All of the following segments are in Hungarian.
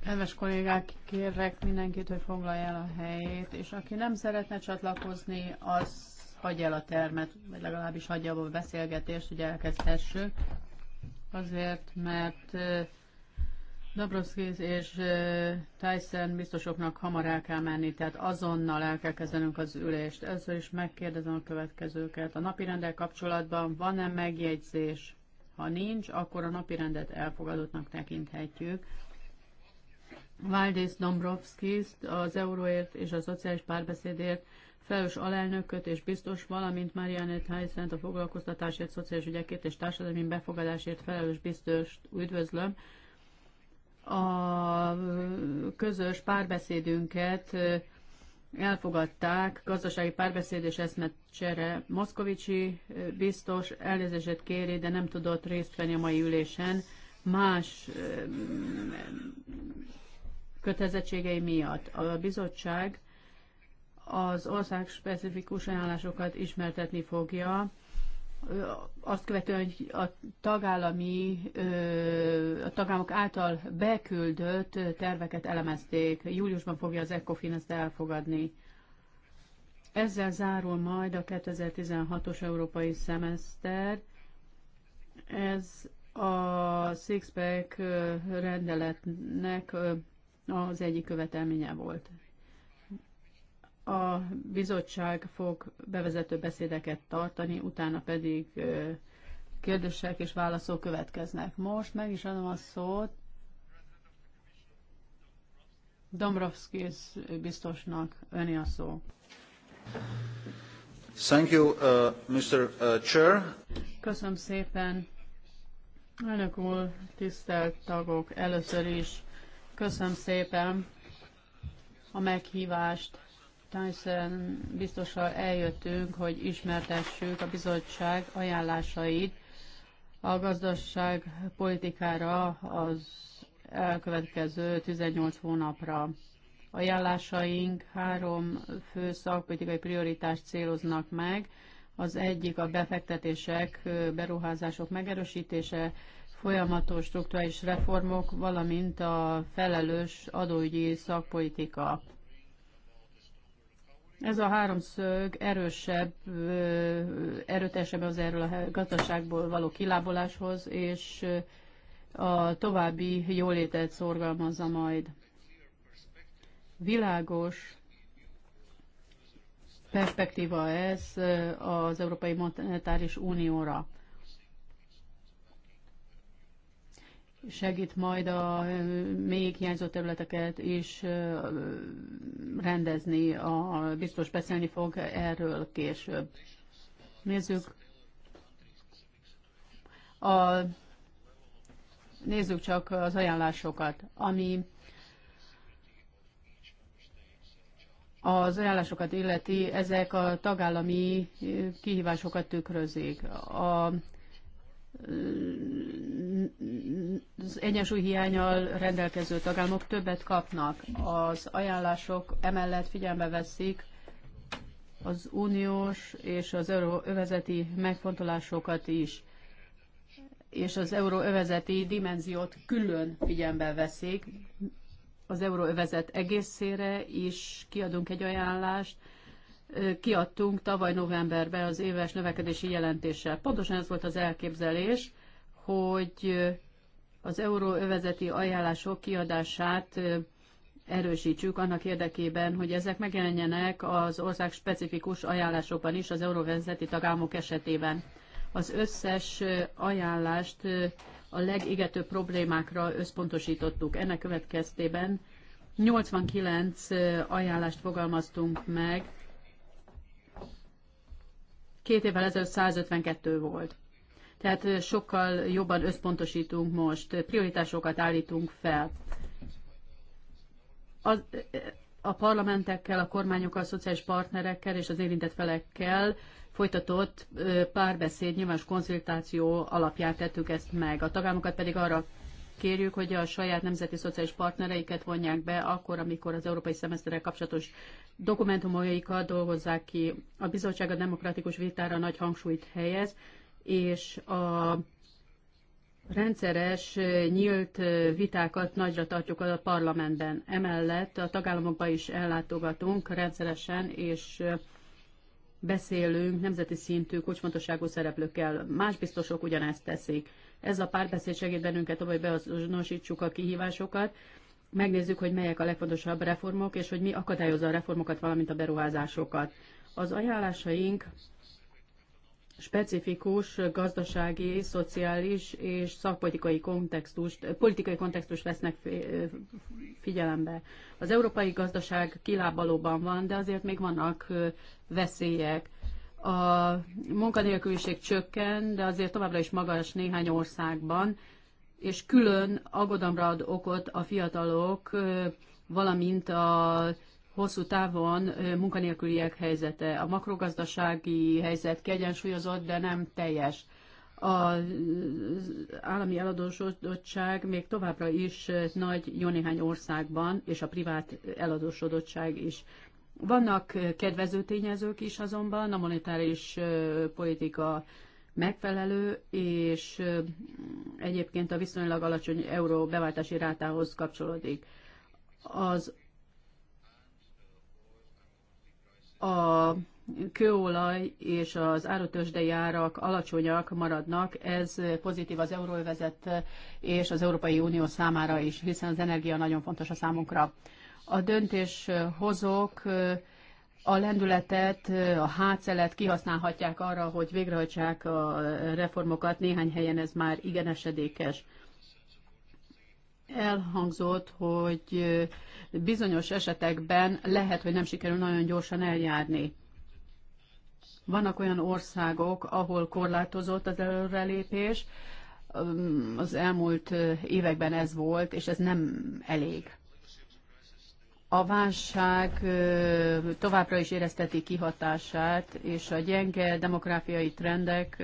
Kedves kollégák, kérlek mindenkit, hogy foglalja el a helyét, és aki nem szeretne csatlakozni, az hagyja el a termet, vagy legalábbis hagyja abba a beszélgetést, hogy elkezdhessük. Azért, mert Dabrowskis és Tyson biztosoknak hamar el kell menni, tehát azonnal el kell kezdenünk az ülést. Ezzel is megkérdezem a következőket. A napirendel kapcsolatban van-e megjegyzés? Ha nincs, akkor a napi rendet elfogadottnak tekinthetjük. Valdis Dombrovskis az euróért és a szociális párbeszédért felős alelnököt és biztos, valamint Marianette Heisen a foglalkoztatásért, szociális ügyekért és társadalmi befogadásért felelős biztos üdvözlöm. A közös párbeszédünket elfogadták gazdasági párbeszéd és eszmecsere. Moszkovicsi biztos elnézését kéri, de nem tudott részt venni a mai ülésen más kötelezettségei miatt. A bizottság az ország specifikus ajánlásokat ismertetni fogja azt követően, hogy a tagállami, a tagállamok által beküldött terveket elemezték. Júliusban fogja az ECOFIN ezt elfogadni. Ezzel zárul majd a 2016-os európai szemeszter. Ez a Sixpack rendeletnek az egyik követelménye volt. A bizottság fog bevezető beszédeket tartani, utána pedig kérdések és válaszok következnek. Most meg is adom a szót Dombrovskis biztosnak. Öni a szó. Thank you, uh, Mr. Uh, chair. Köszönöm szépen. Elnök úr, tisztelt tagok, először is köszönöm szépen a meghívást Tyson biztosan eljöttünk, hogy ismertessük a bizottság ajánlásait a gazdaság politikára az elkövetkező 18 hónapra. Ajánlásaink három fő szakpolitikai prioritást céloznak meg. Az egyik a befektetések, beruházások megerősítése, folyamatos struktúrális reformok, valamint a felelős adóügyi szakpolitika. Ez a háromszög erősebb, erőtesebb az erről a gazdaságból való kilábaláshoz és a további jólétet szorgalmazza majd. Világos perspektíva ez az Európai Monetáris Unióra. segít majd a még hiányzó területeket is rendezni, a, biztos beszélni fog erről később. Nézzük. A, nézzük csak az ajánlásokat, ami az ajánlásokat illeti, ezek a tagállami kihívásokat tükrözik. A az egyensúlyhiányal rendelkező tagállamok többet kapnak. Az ajánlások emellett figyelme veszik az uniós és az euróövezeti megfontolásokat is, és az euróövezeti dimenziót külön figyelembe veszik. Az euróövezet egészére is kiadunk egy ajánlást, kiadtunk tavaly novemberben az éves növekedési jelentéssel. Pontosan ez volt az elképzelés, hogy az euróövezeti ajánlások kiadását erősítsük annak érdekében, hogy ezek megjelenjenek az ország specifikus ajánlásokban is az euróvezeti tagállamok esetében. Az összes ajánlást a legégetőbb problémákra összpontosítottuk. Ennek következtében 89 ajánlást fogalmaztunk meg, két évvel ezelőtt 152 volt tehát sokkal jobban összpontosítunk most, prioritásokat állítunk fel. A, a parlamentekkel, a kormányokkal, a szociális partnerekkel és az érintett felekkel folytatott párbeszéd, nyilvános konzultáció alapján tettük ezt meg. A tagállamokat pedig arra kérjük, hogy a saját nemzeti szociális partnereiket vonják be akkor, amikor az európai szemeszterrel kapcsolatos dokumentumaikat dolgozzák ki. A bizottság a demokratikus vitára nagy hangsúlyt helyez, és a rendszeres, nyílt vitákat nagyra tartjuk a parlamentben. Emellett a tagállamokba is ellátogatunk rendszeresen, és beszélünk nemzeti szintű kulcsfontosságú szereplőkkel. Más biztosok ugyanezt teszik. Ez a párbeszéd segít bennünket, hogy beazonosítsuk a kihívásokat, megnézzük, hogy melyek a legfontosabb reformok, és hogy mi akadályozza a reformokat, valamint a beruházásokat. Az ajánlásaink specifikus gazdasági, szociális és szakpolitikai kontextust, politikai kontextust vesznek figyelembe. Az európai gazdaság kilábalóban van, de azért még vannak veszélyek. A munkanélküliség csökken, de azért továbbra is magas néhány országban, és külön aggodalomra ad okot a fiatalok, valamint a hosszú távon munkanélküliek helyzete. A makrogazdasági helyzet kiegyensúlyozott, de nem teljes. Az állami eladósodottság még továbbra is nagy jó néhány országban, és a privát eladósodottság is. Vannak kedvező tényezők is azonban, a monetáris politika megfelelő, és egyébként a viszonylag alacsony euró beváltási rátához kapcsolódik. Az a kőolaj és az árutősdei árak alacsonyak maradnak, ez pozitív az euróvezet és az Európai Unió számára is, hiszen az energia nagyon fontos a számunkra. A döntéshozók a lendületet, a hátszelet kihasználhatják arra, hogy végrehajtsák a reformokat, néhány helyen ez már igen esedékes elhangzott, hogy bizonyos esetekben lehet, hogy nem sikerül nagyon gyorsan eljárni. Vannak olyan országok, ahol korlátozott az előrelépés, az elmúlt években ez volt, és ez nem elég. A válság továbbra is érezteti kihatását, és a gyenge demográfiai trendek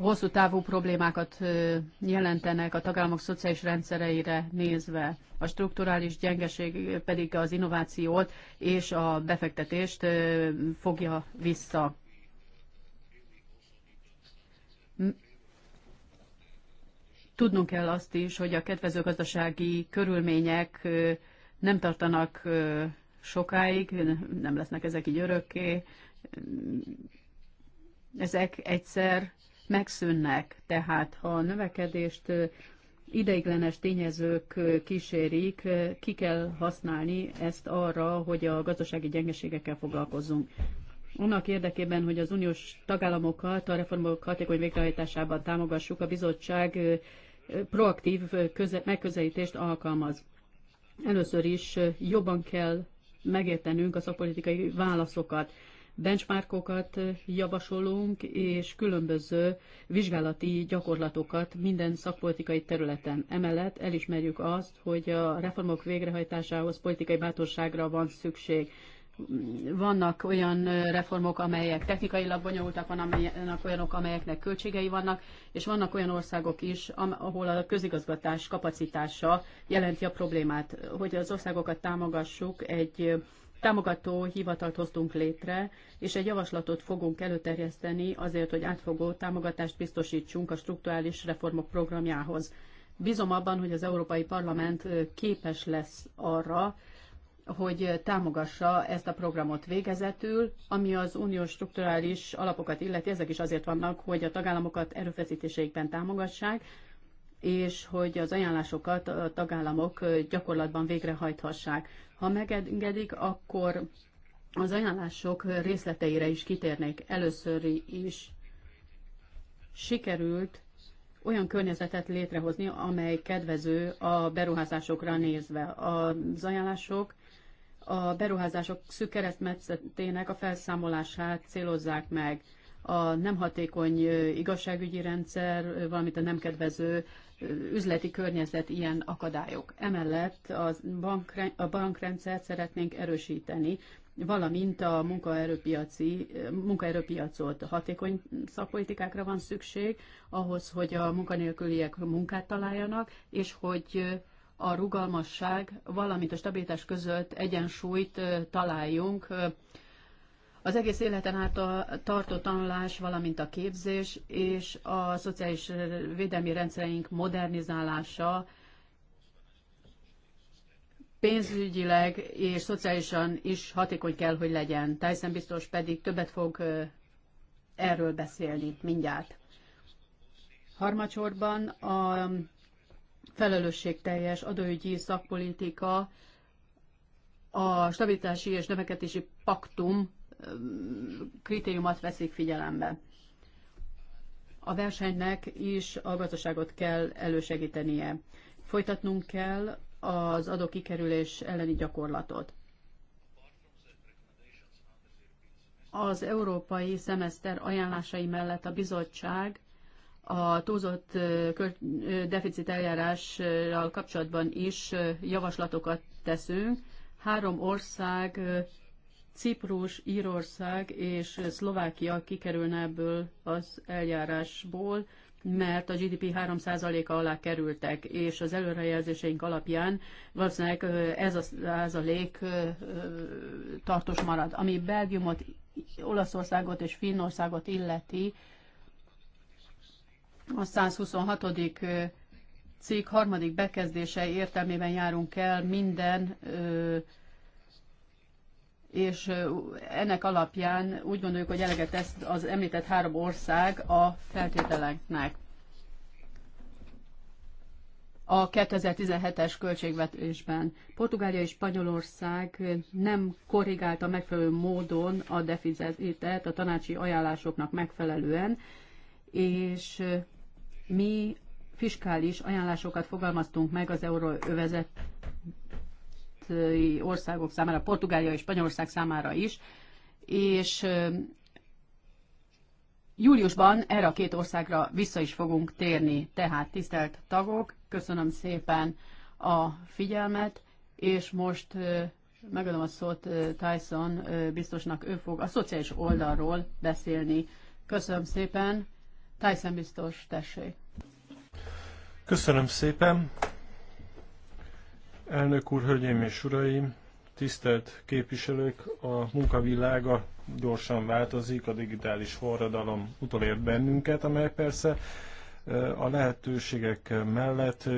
hosszú távú problémákat jelentenek a tagállamok szociális rendszereire nézve. A strukturális gyengeség pedig az innovációt és a befektetést fogja vissza. Tudnunk kell azt is, hogy a kedvező gazdasági körülmények nem tartanak sokáig, nem lesznek ezek így örökké. Ezek egyszer megszűnnek. Tehát ha a növekedést ideiglenes tényezők kísérik, ki kell használni ezt arra, hogy a gazdasági gyengeségekkel foglalkozzunk. Annak érdekében, hogy az uniós tagállamokat a reformok hatékony végrehajtásában támogassuk, a bizottság proaktív köze- megközelítést alkalmaz. Először is jobban kell megértenünk a szakpolitikai válaszokat benchmarkokat javasolunk, és különböző vizsgálati gyakorlatokat minden szakpolitikai területen. Emellett elismerjük azt, hogy a reformok végrehajtásához politikai bátorságra van szükség. Vannak olyan reformok, amelyek technikailag bonyolultak, vannak olyanok, amelyeknek költségei vannak, és vannak olyan országok is, ahol a közigazgatás kapacitása jelenti a problémát. Hogy az országokat támogassuk egy támogató hivatalt hoztunk létre, és egy javaslatot fogunk előterjeszteni azért, hogy átfogó támogatást biztosítsunk a struktúrális reformok programjához. Bízom abban, hogy az Európai Parlament képes lesz arra, hogy támogassa ezt a programot végezetül, ami az uniós strukturális alapokat illeti, ezek is azért vannak, hogy a tagállamokat erőfeszítéseikben támogassák, és hogy az ajánlásokat a tagállamok gyakorlatban végrehajthassák. Ha megengedik, akkor az ajánlások részleteire is kitérnék. Először is sikerült olyan környezetet létrehozni, amely kedvező a beruházásokra nézve. Az ajánlások a beruházások szűk keresztmetszetének a felszámolását célozzák meg. A nem hatékony igazságügyi rendszer, valamint a nem kedvező üzleti környezet ilyen akadályok. Emellett a, bankre, a bankrendszert szeretnénk erősíteni, valamint a munkaerőpiaci, munkaerőpiacot hatékony szakpolitikákra van szükség, ahhoz, hogy a munkanélküliek munkát találjanak, és hogy a rugalmasság, valamint a stabilitás között egyensúlyt találjunk az egész életen át a tartó tanulás, valamint a képzés és a szociális védelmi rendszereink modernizálása pénzügyileg és szociálisan is hatékony kell, hogy legyen. Tyson biztos pedig többet fog erről beszélni mindjárt. Harmadsorban a felelősségteljes adóügyi szakpolitika, a stabilitási és növekedési paktum kritériumot veszik figyelembe. A versenynek is a gazdaságot kell elősegítenie. Folytatnunk kell az adókikerülés elleni gyakorlatot. Az európai szemeszter ajánlásai mellett a bizottság a túlzott deficit eljárással kapcsolatban is javaslatokat teszünk. Három ország Ciprus, Írország és Szlovákia kikerülne ebből az eljárásból, mert a GDP 3%-a alá kerültek, és az előrejelzéseink alapján valószínűleg ez a százalék tartós marad. Ami Belgiumot, Olaszországot és Finnországot illeti, a 126. cikk harmadik bekezdése értelmében járunk el minden és ennek alapján úgy gondoljuk, hogy eleget tesz az említett három ország a feltételeknek. A 2017-es költségvetésben Portugália és Spanyolország nem korrigálta megfelelő módon a deficitet a tanácsi ajánlásoknak megfelelően, és mi fiskális ajánlásokat fogalmaztunk meg az euróövezet nyugati országok számára, Portugália és Spanyolország számára is, és júliusban erre a két országra vissza is fogunk térni. Tehát, tisztelt tagok, köszönöm szépen a figyelmet, és most megadom a szót Tyson biztosnak, ő fog a szociális oldalról beszélni. Köszönöm szépen. Tyson biztos, tessék. Köszönöm szépen. Elnök úr, hölgyeim és uraim, tisztelt képviselők, a munkavilága gyorsan változik, a digitális forradalom utolért bennünket, amely persze a lehetőségek mellett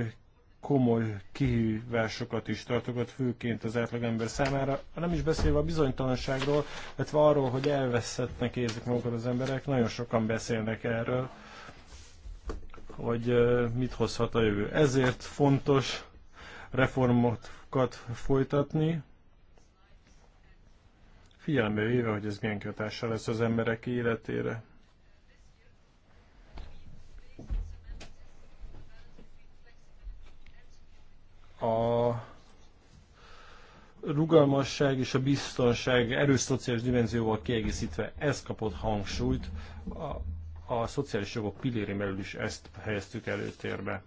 komoly kihívásokat is tartogat, főként az átlagember számára. Nem is beszélve a bizonytalanságról, illetve arról, hogy elveszettnek érzik magukat az emberek, nagyon sokan beszélnek erről, hogy mit hozhat a jövő. Ezért fontos reformokat folytatni, figyelembe véve, hogy ez milyen kötással lesz az emberek életére. A rugalmasság és a biztonság erős szociális dimenzióval kiegészítve ez kapott hangsúlyt, a, a szociális jogok pilléri belül is ezt helyeztük előtérbe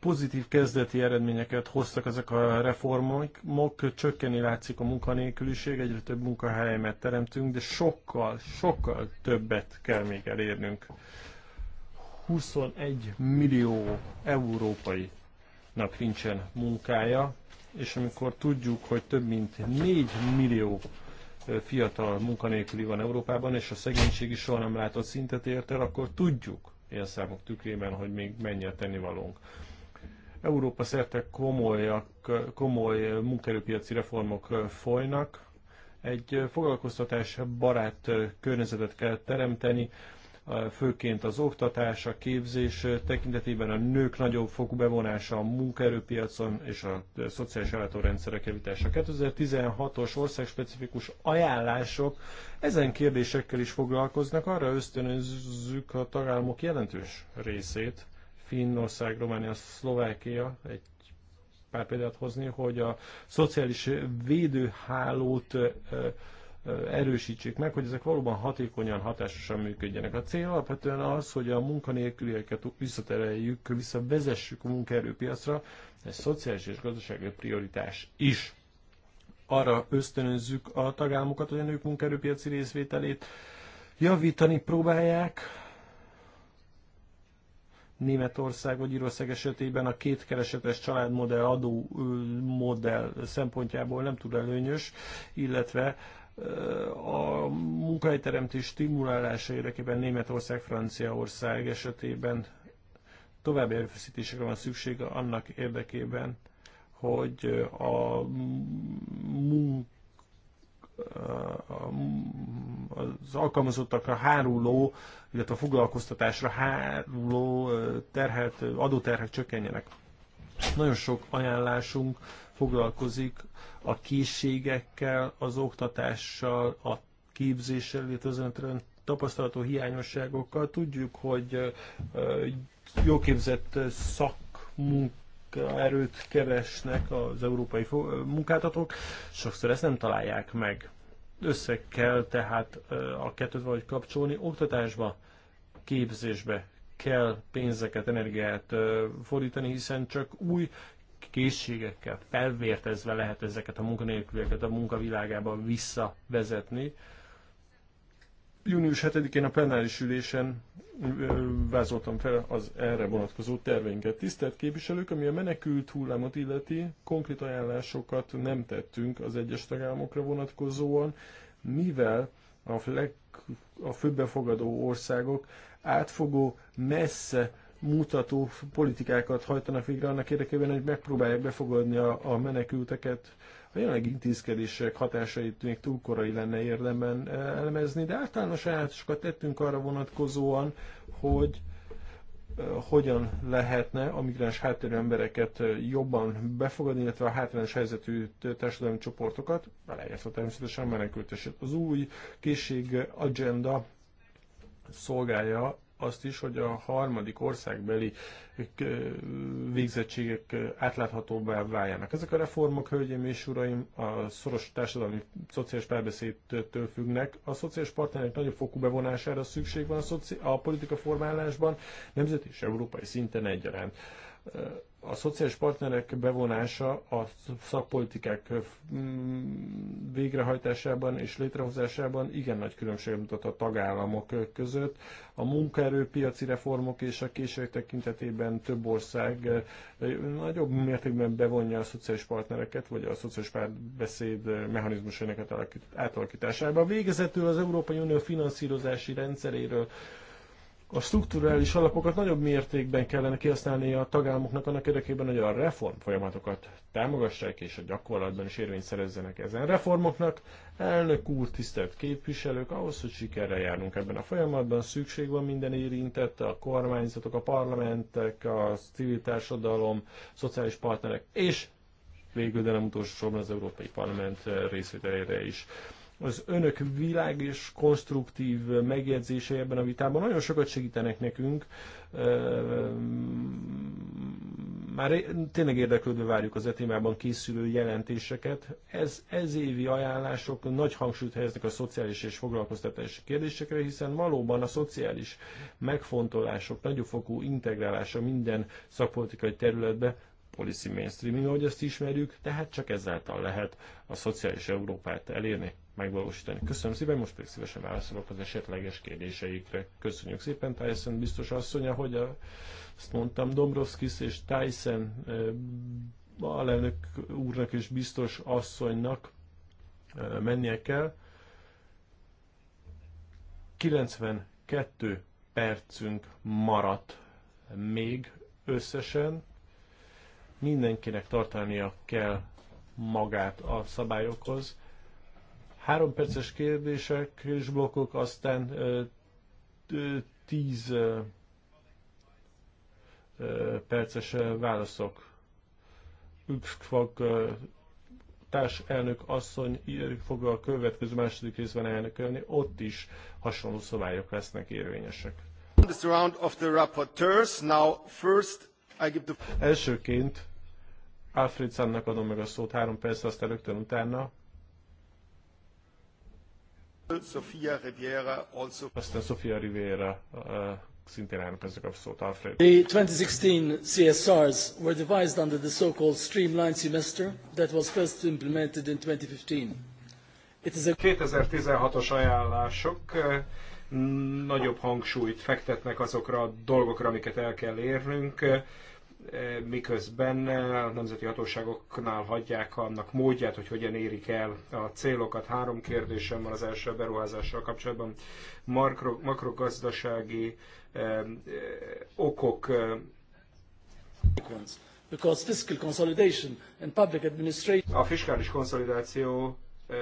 pozitív kezdeti eredményeket hoztak ezek a reformok, csökkeni látszik a munkanélküliség, egyre több munkahelyet teremtünk, de sokkal, sokkal többet kell még elérnünk. 21 millió európai nap nincsen munkája, és amikor tudjuk, hogy több mint 4 millió fiatal munkanélküli van Európában, és a szegénység is soha nem látott szintet ért el, akkor tudjuk, élszámok tükrében, hogy még mennyi a tennivalónk. Európa szerte komolyak, komoly munkerőpiaci reformok folynak. Egy foglalkoztatás barát környezetet kell teremteni, főként az oktatás, a képzés tekintetében a nők nagyobb fokú bevonása a munkaerőpiacon és a szociális ellátórendszerek javítása. 2016-os országspecifikus ajánlások ezen kérdésekkel is foglalkoznak, arra ösztönözzük a tagállamok jelentős részét, Finnország, Románia, Szlovákia, egy pár példát hozni, hogy a szociális védőhálót erősítsék meg, hogy ezek valóban hatékonyan, hatásosan működjenek. A cél alapvetően az, hogy a munkanélkülieket visszatereljük, visszavezessük a munkaerőpiacra, ez szociális és gazdasági prioritás is. Arra ösztönözzük a tagállamokat, hogy a nők munkaerőpiaci részvételét javítani próbálják, Németország vagy Írország esetében a kétkeresetes családmodell adó modell szempontjából nem túl előnyös, illetve a munkahelyteremtés stimulálása érdekében Németország, Franciaország esetében további erőfeszítésekre van szüksége annak érdekében, hogy a, munk, az alkalmazottakra háruló, illetve a foglalkoztatásra háruló terhelt, adóterhek csökkenjenek. Nagyon sok ajánlásunk foglalkozik a készségekkel, az oktatással, a képzéssel, illetve az tapasztalató hiányosságokkal. Tudjuk, hogy jó képzett szakmunkaerőt keresnek az európai munkáltatók, sokszor ezt nem találják meg. Össze kell tehát a kettőt valahogy kapcsolni, oktatásba, képzésbe kell pénzeket, energiát fordítani, hiszen csak új készségekkel felvértezve lehet ezeket a munkanélkülieket a munkavilágába visszavezetni. Június 7-én a plenáris ülésen vázoltam fel az erre vonatkozó terveinket. Tisztelt képviselők, ami a menekült hullámot illeti, konkrét ajánlásokat nem tettünk az egyes tagállamokra vonatkozóan, mivel a, leg, a főbefogadó országok átfogó, messze mutató politikákat hajtanak végre annak érdekében, hogy megpróbálják befogadni a, a menekülteket. A jelenlegi intézkedések hatásait még túl korai lenne érdemben eh, elemezni, de általános ajánlásokat tettünk arra vonatkozóan, hogy eh, hogyan lehetne a migráns háttérű embereket eh, jobban befogadni, illetve a hátrányos helyzetű társadalmi csoportokat, beleértve természetesen a menekültesét. Az új készség agenda szolgálja azt is, hogy a harmadik országbeli eh, végzettségek eh, átláthatóbbá váljanak. Ezek a reformok, hölgyeim és uraim, a szoros társadalmi szociális párbeszédtől függnek. A szociális partnerek nagyobb fokú bevonására szükség van a, szoci- a politika formálásban, nemzeti és európai szinten egyaránt eh, a szociális partnerek bevonása a szakpolitikák végrehajtásában és létrehozásában igen nagy különbséget mutat a tagállamok között. A munkaerőpiaci reformok és a később tekintetében több ország nagyobb mértékben bevonja a szociális partnereket, vagy a szociális párbeszéd mechanizmusainak átalakításába. Végezetül az Európai Unió finanszírozási rendszeréről a strukturális alapokat nagyobb mértékben kellene kihasználni a tagállamoknak annak érdekében, hogy a reform folyamatokat támogassák és a gyakorlatban is érvényt szerezzenek ezen reformoknak. Elnök úr, tisztelt képviselők, ahhoz, hogy sikerre járnunk ebben a folyamatban, szükség van minden érintett a kormányzatok, a parlamentek, a civil társadalom, szociális partnerek és végül, de nem utolsó sorban az Európai Parlament részvételére is az önök világ és konstruktív megjegyzése ebben a vitában nagyon sokat segítenek nekünk. Már tényleg érdeklődve várjuk az etémában készülő jelentéseket. Ez, ez évi ajánlások nagy hangsúlyt helyeznek a szociális és foglalkoztatási kérdésekre, hiszen valóban a szociális megfontolások nagyobb fokú integrálása minden szakpolitikai területbe policy mainstreaming, ahogy ezt ismerjük, tehát csak ezáltal lehet a szociális Európát elérni megvalósítani. Köszönöm szépen, most pedig szívesen válaszolok az esetleges kérdéseikre. Köszönjük szépen, Tyson biztos asszonya, hogy a, azt mondtam, Dombrovskis és Tyson alelnök úrnak és biztos asszonynak mennie kell. 92 percünk maradt még összesen. Mindenkinek tartania kell magát a szabályokhoz. Három perces kérdések és blokkok, aztán tíz perces válaszok. Ükszfag társelnök asszony fog a következő második részben elnökölni, ott is hasonló szabályok lesznek érvényesek. Elsőként Alfred Sannak adom meg a szót három perc, aztán rögtön utána Sofia Riviera also... Aztán Sofia Riviera eh, szintén elnöközök a szót, Alfred. The 2016 CSRs were devised under the so-called streamlined semester that was first implemented in 2015. It is a... 2016-os ajánlások eh, nagyobb hangsúlyt fektetnek azokra a dolgokra, amiket el kell érnünk E, miközben a nemzeti hatóságoknál hagyják annak módját, hogy hogyan érik el a célokat. Három kérdésem van az első beruházással kapcsolatban. Makro, makrogazdasági eh, okok e, Because fiscal consolidation and public administration... A fiskális konszolidáció eh,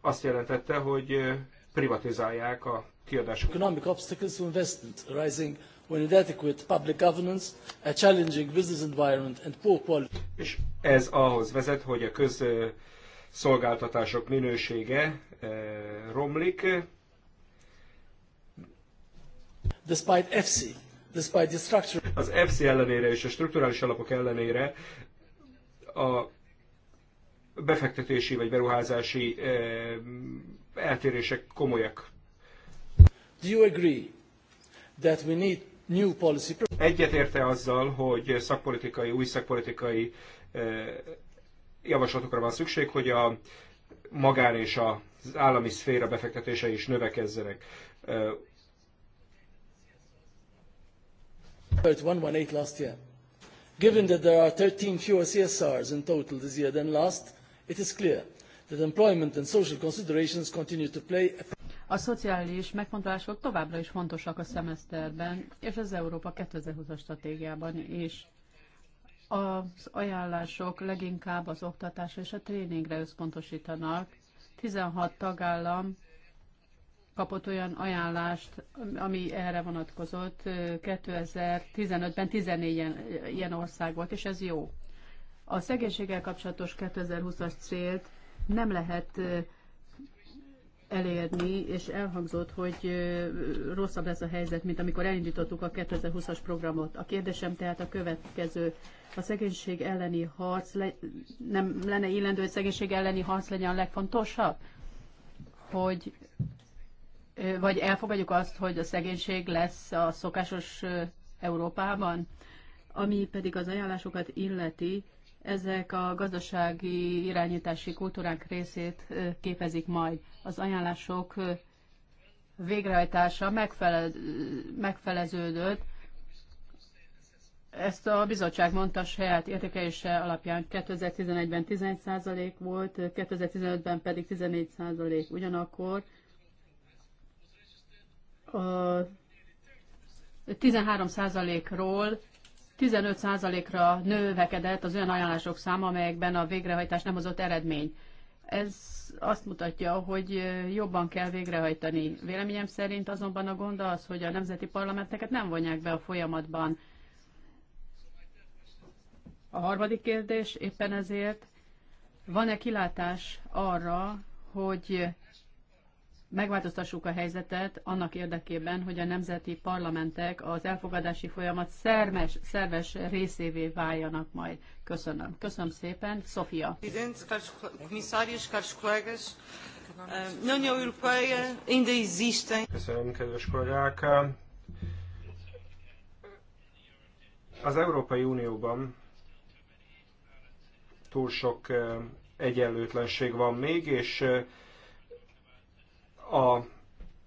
azt jelentette, hogy privatizálják a kiadásokat. Economic obstacles to investment arising when inadequate public governance, a challenging business environment and poor quality. És ez ahhoz vezet, hogy a közszolgáltatások minősége eh, romlik. Despite FC, despite the structure. Az FC ellenére és a strukturális alapok ellenére a befektetési vagy beruházási eh, eltérések komolyak. Do you agree that we need Egyetérte azzal, hogy szakpolitikai, új szakpolitikai javaslatokra van szükség, hogy a magán és az állami szféra befektetése is növekezzenek. About last year. Given that there are 13 fewer CSRs in total this year than last, it is clear that employment and social considerations continue to play a a szociális megfontolások továbbra is fontosak a szemeszterben és az Európa 2020-as stratégiában is. Az ajánlások leginkább az oktatásra és a tréningre összpontosítanak. 16 tagállam kapott olyan ajánlást, ami erre vonatkozott 2015-ben 14 ilyen, ország volt, és ez jó. A szegénységgel kapcsolatos 2020-as célt nem lehet elérni, és elhangzott, hogy rosszabb lesz a helyzet, mint amikor elindítottuk a 2020-as programot. A kérdésem tehát a következő. A szegénység elleni harc, le, nem lenne illendő, hogy szegénység elleni harc legyen a legfontosabb? Hogy, vagy elfogadjuk azt, hogy a szegénység lesz a szokásos Európában? Ami pedig az ajánlásokat illeti, ezek a gazdasági irányítási kultúrák részét képezik majd. Az ajánlások végrehajtása megfele, megfeleződött. Ezt a bizottság mondta saját értékelése alapján 2011-ben 11% volt, 2015-ben pedig 14%. Ugyanakkor a 13%-ról 15%-ra növekedett az olyan ajánlások száma, amelyekben a végrehajtás nem hozott eredmény. Ez azt mutatja, hogy jobban kell végrehajtani. Véleményem szerint azonban a gond az, hogy a nemzeti parlamenteket nem vonják be a folyamatban. A harmadik kérdés éppen ezért, van-e kilátás arra, hogy megváltoztassuk a helyzetet annak érdekében, hogy a nemzeti parlamentek az elfogadási folyamat szermes, szerves részévé váljanak majd. Köszönöm. Köszönöm szépen. Sofia. Eh, Köszönöm, kedves kollégák. Az Európai Unióban túl sok eh, egyenlőtlenség van még, és eh, a,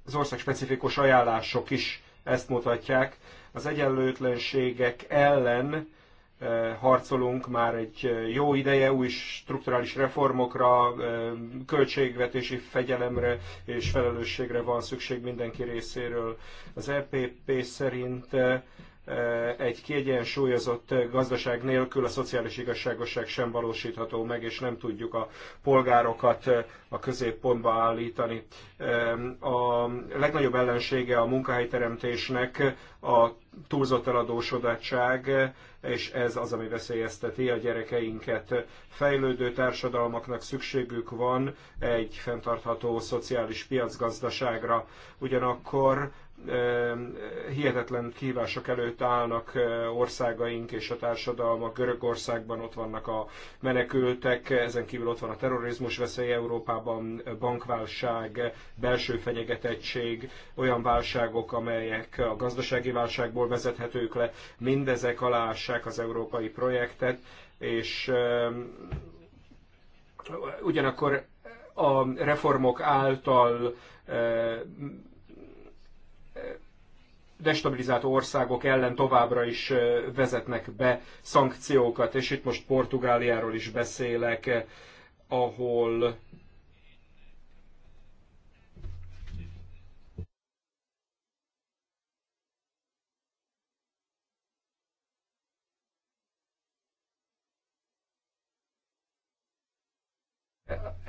az ország specifikus ajánlások is ezt mutatják. Az egyenlőtlenségek ellen eh, harcolunk már egy eh, jó ideje új strukturális reformokra, eh, költségvetési fegyelemre és felelősségre van szükség mindenki részéről. Az EPP szerint egy kiegyensúlyozott gazdaság nélkül a szociális igazságosság sem valósítható meg, és nem tudjuk a polgárokat eh, a középpontba állítani. A legnagyobb ellensége a munkahelyteremtésnek a túlzott eladósodottság, és ez az, ami veszélyezteti a gyerekeinket. Fejlődő társadalmaknak szükségük van egy fenntartható szociális piacgazdaságra. Ugyanakkor hihetetlen kívások előtt állnak országaink és a társadalmak. Görögországban ott vannak a menekültek, ezen kívül ott van a terrorizmus veszély Európában, bankválság, belső fenyegetettség, olyan válságok, amelyek a gazdasági válságból vezethetők le. Mindezek alássák az európai projektet, és ugyanakkor a reformok által destabilizált országok ellen továbbra is vezetnek be szankciókat, és itt most Portugáliáról is beszélek, eh, ahol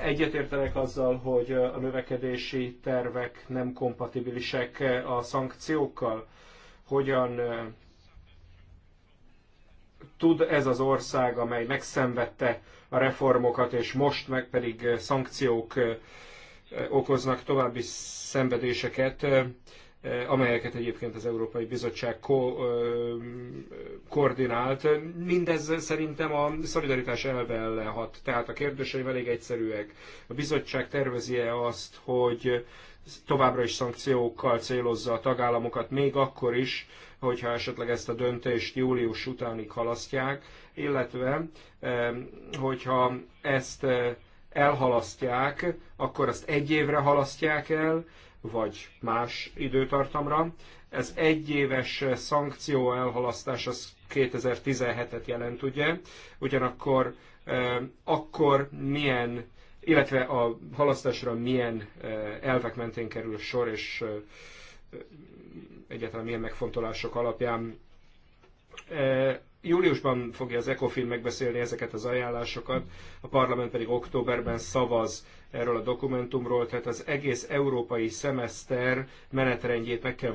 Egyetértenek azzal, hogy a növekedési tervek nem kompatibilisek a szankciókkal. Hogyan tud ez az ország, amely megszenvedte a reformokat, és most meg pedig szankciók okoznak további szenvedéseket, Eh, amelyeket egyébként az Európai Bizottság ko, eh, koordinált. Mindez szerintem a szolidaritás elve ellen hat. Tehát a kérdéseim elég egyszerűek. A bizottság tervezi-e azt, hogy továbbra is szankciókkal célozza a tagállamokat, még akkor is, hogyha esetleg ezt a döntést július utánig halasztják, illetve eh, hogyha ezt elhalasztják, akkor azt egy évre halasztják el, vagy más időtartamra. Ez egyéves szankció elhalasztás az 2017-et jelent, ugye? Ugyanakkor akkor milyen, illetve a halasztásra milyen elvek mentén kerül sor, és egyáltalán milyen megfontolások alapján. Júliusban fogja az ECOFIN megbeszélni ezeket az ajánlásokat, a parlament pedig októberben szavaz erről a dokumentumról, tehát az egész európai szemeszter menetrendjét meg kell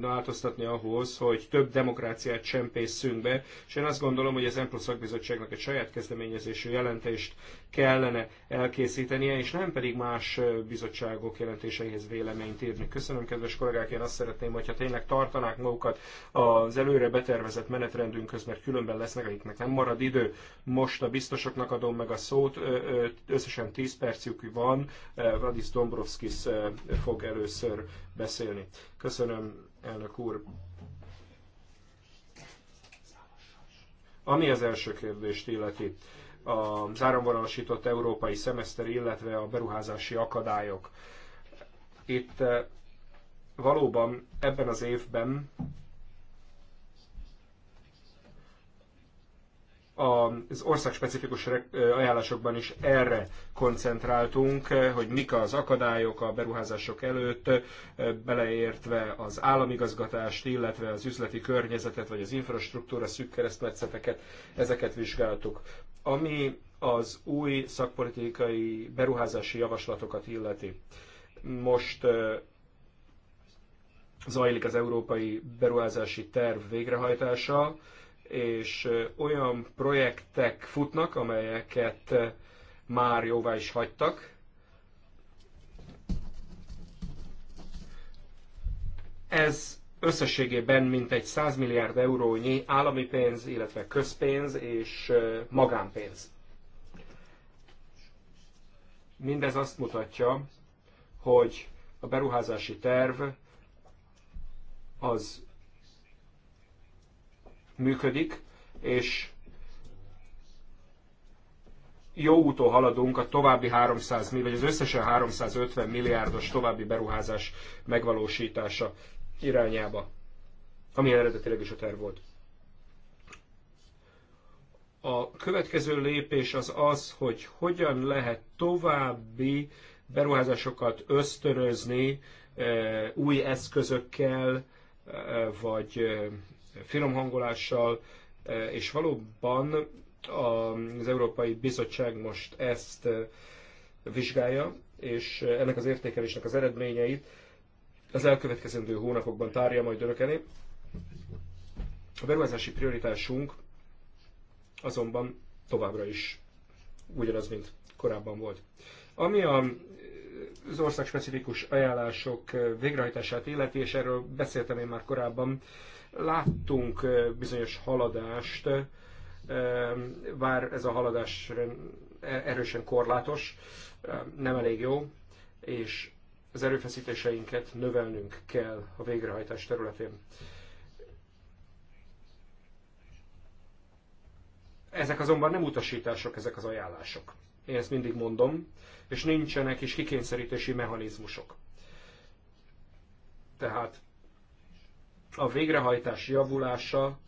változtatni ahhoz, hogy több demokráciát csempészünk be, és én azt gondolom, hogy az EMPLO szakbizottságnak egy saját kezdeményezésű jelentést kellene elkészítenie, és nem pedig más bizottságok jelentéseihez véleményt írni. Köszönöm, kedves kollégák, én azt szeretném, hogyha tényleg tartanák magukat az előre betervezett menetrendünkhöz, mert különben lesznek, akiknek nem marad idő. Most a biztosoknak adom meg a szót, összesen 10 percük lehetőségük van. Radis eh, Dombrovskis eh, fog először beszélni. Köszönöm, elnök úr. Ami az első kérdést illeti, az áramvonalasított európai szemeszter, illetve a beruházási akadályok. Itt eh, valóban ebben az évben az országspecifikus ajánlásokban is erre koncentráltunk, hogy mik az akadályok a beruházások előtt, beleértve az államigazgatást, illetve az üzleti környezetet, vagy az infrastruktúra szűk keresztmetszeteket, ezeket vizsgáltuk. Ami az új szakpolitikai beruházási javaslatokat illeti. Most zajlik az európai beruházási terv végrehajtása, és olyan projektek futnak, amelyeket már jóvá is hagytak. Ez összességében mintegy 100 milliárd eurónyi állami pénz, illetve közpénz és magánpénz. Mindez azt mutatja, hogy a beruházási terv az működik, és jó úton haladunk a további 300 vagy az összesen 350 milliárdos további beruházás megvalósítása irányába, ami eredetileg is a terv volt. A következő lépés az az, hogy hogyan lehet további beruházásokat ösztönözni eh, új eszközökkel, eh, vagy eh, finom hangolással, e, és valóban az Európai Bizottság most ezt e, vizsgálja, és ennek az értékelésnek az eredményeit az elkövetkezendő hónapokban tárja majd önök elé. A beruházási prioritásunk azonban továbbra is ugyanaz, mint korábban volt. Ami a az országspecifikus ajánlások végrehajtását illeti, és erről beszéltem én már korábban, láttunk eh, bizonyos haladást, eh, bár ez a haladás e- erősen korlátos, eh, nem elég jó, és az erőfeszítéseinket növelnünk kell a végrehajtás területén. Ezek azonban nem utasítások, ezek az ajánlások. Én ezt mindig mondom, és nincsenek is kikényszerítési mechanizmusok. Tehát a végrehajtás javulása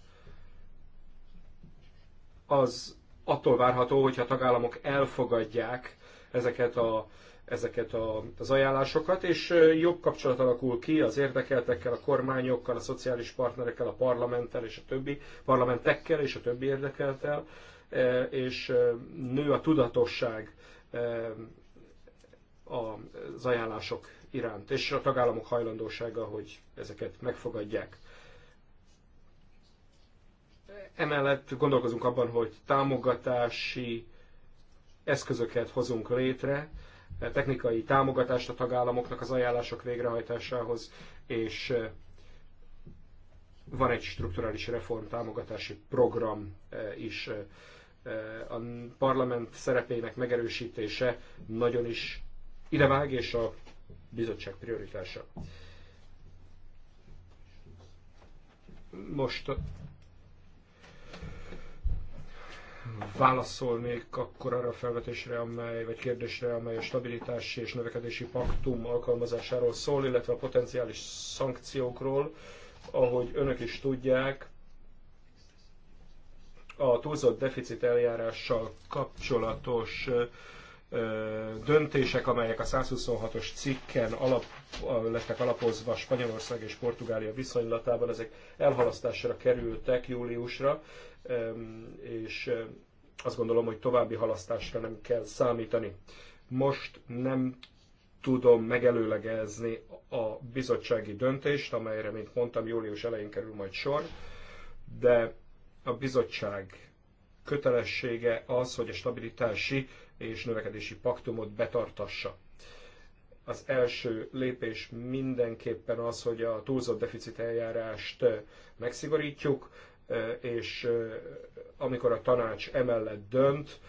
az attól várható, hogyha a tagállamok elfogadják ezeket a ezeket a, az ajánlásokat, és jobb kapcsolat alakul ki az érdekeltekkel, a kormányokkal, a szociális partnerekkel, a parlamenttel és a többi, parlamentekkel és a többi érdekeltel, és nő a tudatosság az ajánlások iránt, és a tagállamok hajlandósága, hogy ezeket megfogadják. Emellett gondolkozunk abban, hogy támogatási eszközöket hozunk létre, technikai támogatást a tagállamoknak az ajánlások végrehajtásához, és eh, van egy strukturális reform támogatási program eh, is. Eh, a parlament szerepének megerősítése nagyon is vág és a bizottság prioritása. Most válaszolnék akkor arra a felvetésre, amely, vagy kérdésre, amely a stabilitási és növekedési paktum alkalmazásáról szól, illetve a potenciális szankciókról. Ahogy önök is tudják, a túlzott deficit eljárással kapcsolatos döntések, amelyek a 126-os cikken alap, lettek alapozva Spanyolország és Portugália viszonylatában, ezek elhalasztásra kerültek júliusra, és azt gondolom, hogy további halasztásra nem kell számítani. Most nem tudom megelőlegezni a bizottsági döntést, amelyre, mint mondtam, július elején kerül majd sor, de a bizottság kötelessége az, hogy a stabilitási és növekedési paktumot betartassa. Az első lépés mindenképpen az, hogy a túlzott deficit eljárást megszigorítjuk, és amikor a tanács emellett dönt,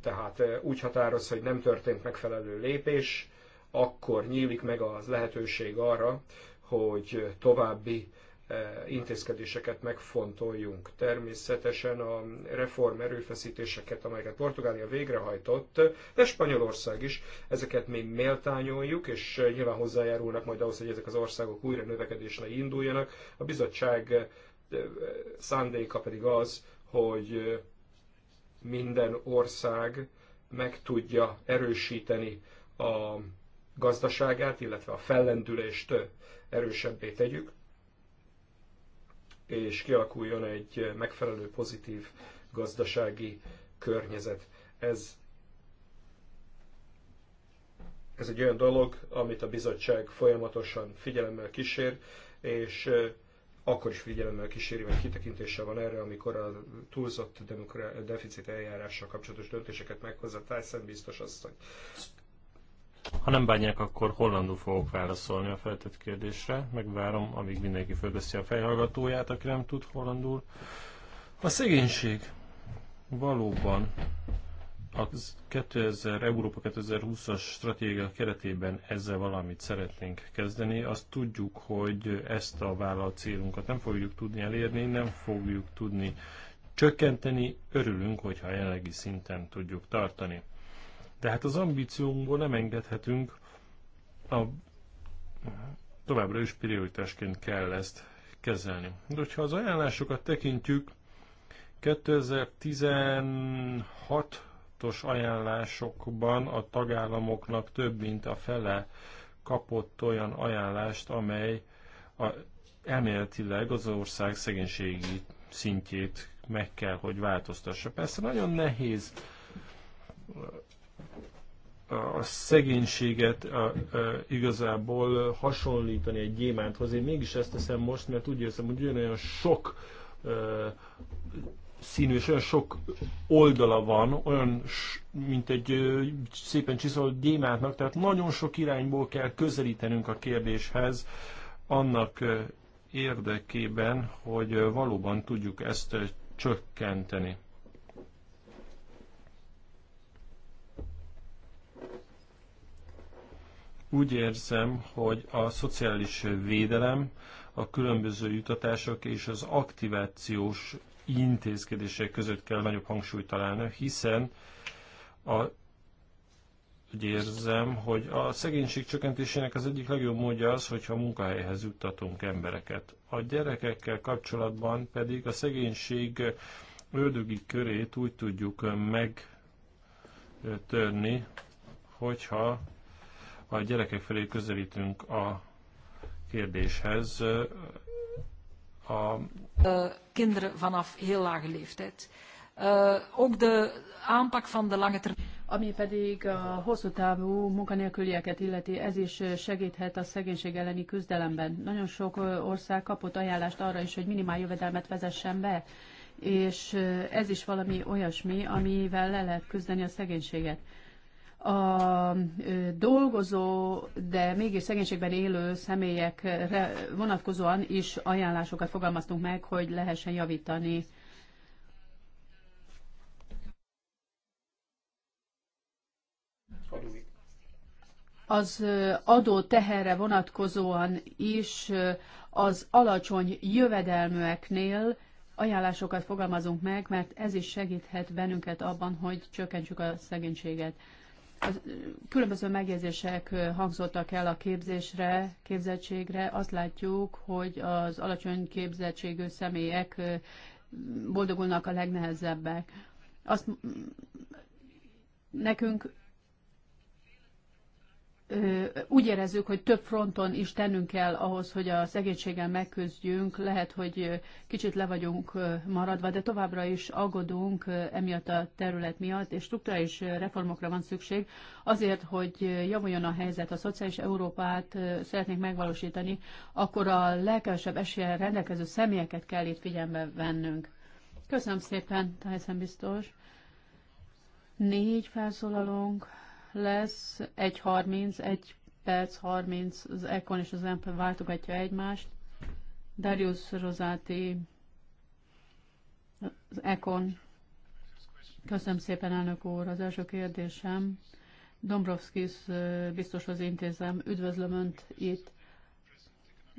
tehát úgy határoz, hogy nem történt megfelelő lépés, akkor nyílik meg az lehetőség arra, hogy további E, intézkedéseket megfontoljunk. Természetesen a reform erőfeszítéseket, amelyeket Portugália végrehajtott, de Spanyolország is, ezeket mi méltányoljuk, és nyilván hozzájárulnak majd ahhoz, hogy ezek az országok újra növekedésre induljanak. A bizottság e, e, szándéka pedig az, hogy minden ország meg tudja erősíteni a gazdaságát, illetve a fellendülést erősebbé tegyük és kialakuljon egy megfelelő pozitív gazdasági környezet. Ez, ez egy olyan dolog, amit a bizottság folyamatosan figyelemmel kísér, és akkor is figyelemmel kíséri, vagy kitekintése van erre, amikor a túlzott deficit eljárással kapcsolatos döntéseket meghozza Tyson biztos asszony. Ha nem bánják, akkor hollandul fogok válaszolni a feltett kérdésre. Megvárom, amíg mindenki fölveszi a fejhallgatóját, aki nem tud hollandul. A szegénység valóban a 2000, Európa 2020-as stratégia keretében ezzel valamit szeretnénk kezdeni. Azt tudjuk, hogy ezt a vállalt célunkat nem fogjuk tudni elérni, nem fogjuk tudni csökkenteni. Örülünk, hogyha a jelenlegi szinten tudjuk tartani. De hát az ambíciónkból nem engedhetünk, a, továbbra is prioritásként kell ezt kezelni. De hogyha az ajánlásokat tekintjük, 2016-os ajánlásokban a tagállamoknak több mint a fele kapott olyan ajánlást, amely a, elméletileg az ország szegénységi szintjét meg kell, hogy változtassa. Persze nagyon nehéz a szegénységet a, a, igazából hasonlítani egy gyémánthoz. Én mégis ezt teszem most, mert úgy érzem, hogy olyan sok ö, színű és olyan sok oldala van, olyan, mint egy szépen csiszolt gyémántnak, tehát nagyon sok irányból kell közelítenünk a kérdéshez annak érdekében, hogy valóban tudjuk ezt csökkenteni. Úgy érzem, hogy a szociális védelem, a különböző jutatások és az aktivációs intézkedések között kell nagyobb hangsúlyt találni, hiszen a, úgy érzem, hogy a szegénység csökkentésének az egyik legjobb módja az, hogyha munkahelyhez juttatunk embereket. A gyerekekkel kapcsolatban pedig a szegénység ördögi körét úgy tudjuk megtörni, hogyha a gyerekek felé közelítünk a kérdéshez. A... Eh, kinderen vanaf heel lage leeftijd. Eh, ook de aanpak van de lange termijn. Ami pedig a hosszú távú munkanélkülieket illeti, ez is segíthet a szegénység elleni küzdelemben. Nagyon sok eh, ország kapott ajánlást arra is, hogy minimál jövedelmet vezessen be, és ez is valami olyasmi, amivel le lehet küzdeni a szegénységet a dolgozó, de mégis szegénységben élő személyekre vonatkozóan is ajánlásokat fogalmaztunk meg, hogy lehessen javítani az adó teherre vonatkozóan is az alacsony jövedelműeknél ajánlásokat fogalmazunk meg, mert ez is segíthet bennünket abban, hogy csökkentsük a szegénységet különböző megjegyzések hangzottak el a képzésre, képzettségre. Azt látjuk, hogy az alacsony képzettségű személyek boldogulnak a legnehezebbek. Azt nekünk úgy érezzük, hogy több fronton is tennünk kell ahhoz, hogy a szegénységgel megküzdjünk. Lehet, hogy kicsit le vagyunk maradva, de továbbra is aggódunk emiatt a terület miatt, és struktúrális reformokra van szükség azért, hogy javuljon a helyzet. A szociális Európát szeretnénk megvalósítani, akkor a legkevesebb esélye rendelkező személyeket kell itt figyelembe vennünk. Köszönöm szépen, Tyson biztos. Négy felszólalónk lesz, 1.30, 1 perc 30, az Econ és az Ample váltogatja egymást. Darius Rozati az Econ. Köszönöm szépen, elnök úr. Az első kérdésem Dombrovskis biztoshoz intézem. Üdvözlöm Önt itt.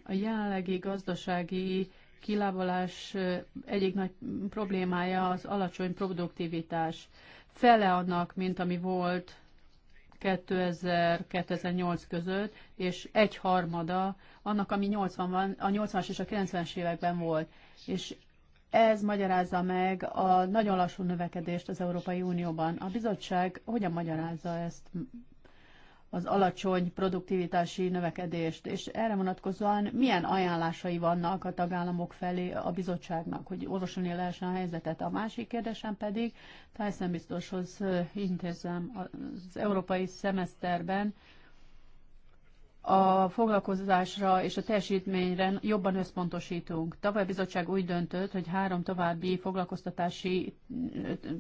A jelenlegi gazdasági kilábalás egyik nagy problémája az alacsony produktivitás. Fele annak, mint ami volt 2000-2008 között, és egy harmada annak, ami 80-ban, a 80-as és a 90-es években volt. És ez magyarázza meg a nagyon lassú növekedést az Európai Unióban. A bizottság hogyan magyarázza ezt az alacsony produktivitási növekedést, és erre vonatkozóan milyen ajánlásai vannak a tagállamok felé a bizottságnak, hogy orvosolni lehessen a helyzetet. A másik kérdésem pedig Tyson biztoshoz intézem az európai szemeszterben, a foglalkozásra és a teljesítményre jobban összpontosítunk. Tavaly a bizottság úgy döntött, hogy három további foglalkoztatási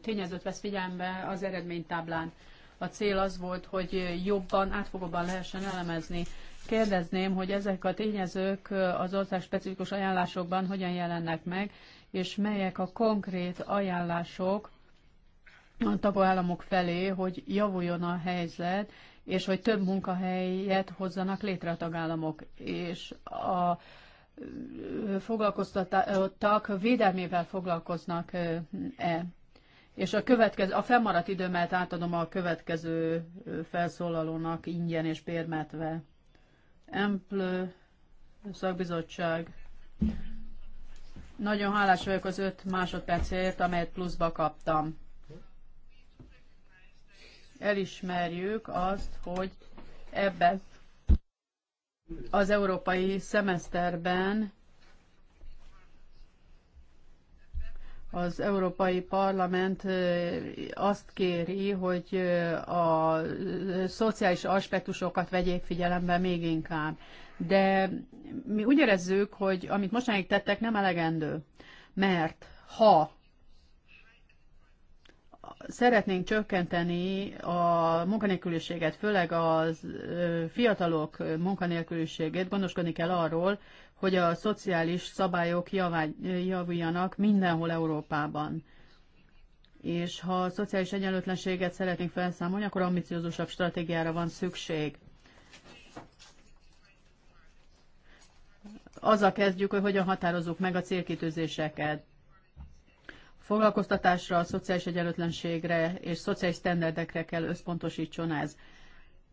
tényezőt vesz figyelembe az eredménytáblán. A cél az volt, hogy jobban, átfogóban lehessen elemezni. Kérdezném, hogy ezek a tényezők az ország specifikus ajánlásokban hogyan jelennek meg, és melyek a konkrét ajánlások a tagállamok felé, hogy javuljon a helyzet, és hogy több munkahelyet hozzanak létre a tagállamok. És a foglalkoztatottak védelmével foglalkoznak-e? És a, következő, a fennmaradt időmet átadom a következő felszólalónak ingyen és bérmetve. Emplő szakbizottság. Nagyon hálás vagyok az öt másodpercért, amelyet pluszba kaptam. Elismerjük azt, hogy ebben az európai szemeszterben Az Európai Parlament azt kéri, hogy a szociális aspektusokat vegyék figyelembe még inkább. De mi úgy érezzük, hogy amit mostanáig tettek, nem elegendő. Mert ha szeretnénk csökkenteni a munkanélküliséget, főleg a fiatalok munkanélküliségét, gondoskodni kell arról, hogy a szociális szabályok javuljanak mindenhol Európában. És ha a szociális egyenlőtlenséget szeretnénk felszámolni, akkor ambiciózusabb stratégiára van szükség. Azzal kezdjük, hogy hogyan határozzuk meg a célkitűzéseket foglalkoztatásra, a szociális egyenlőtlenségre és szociális standardekre kell összpontosítson ez.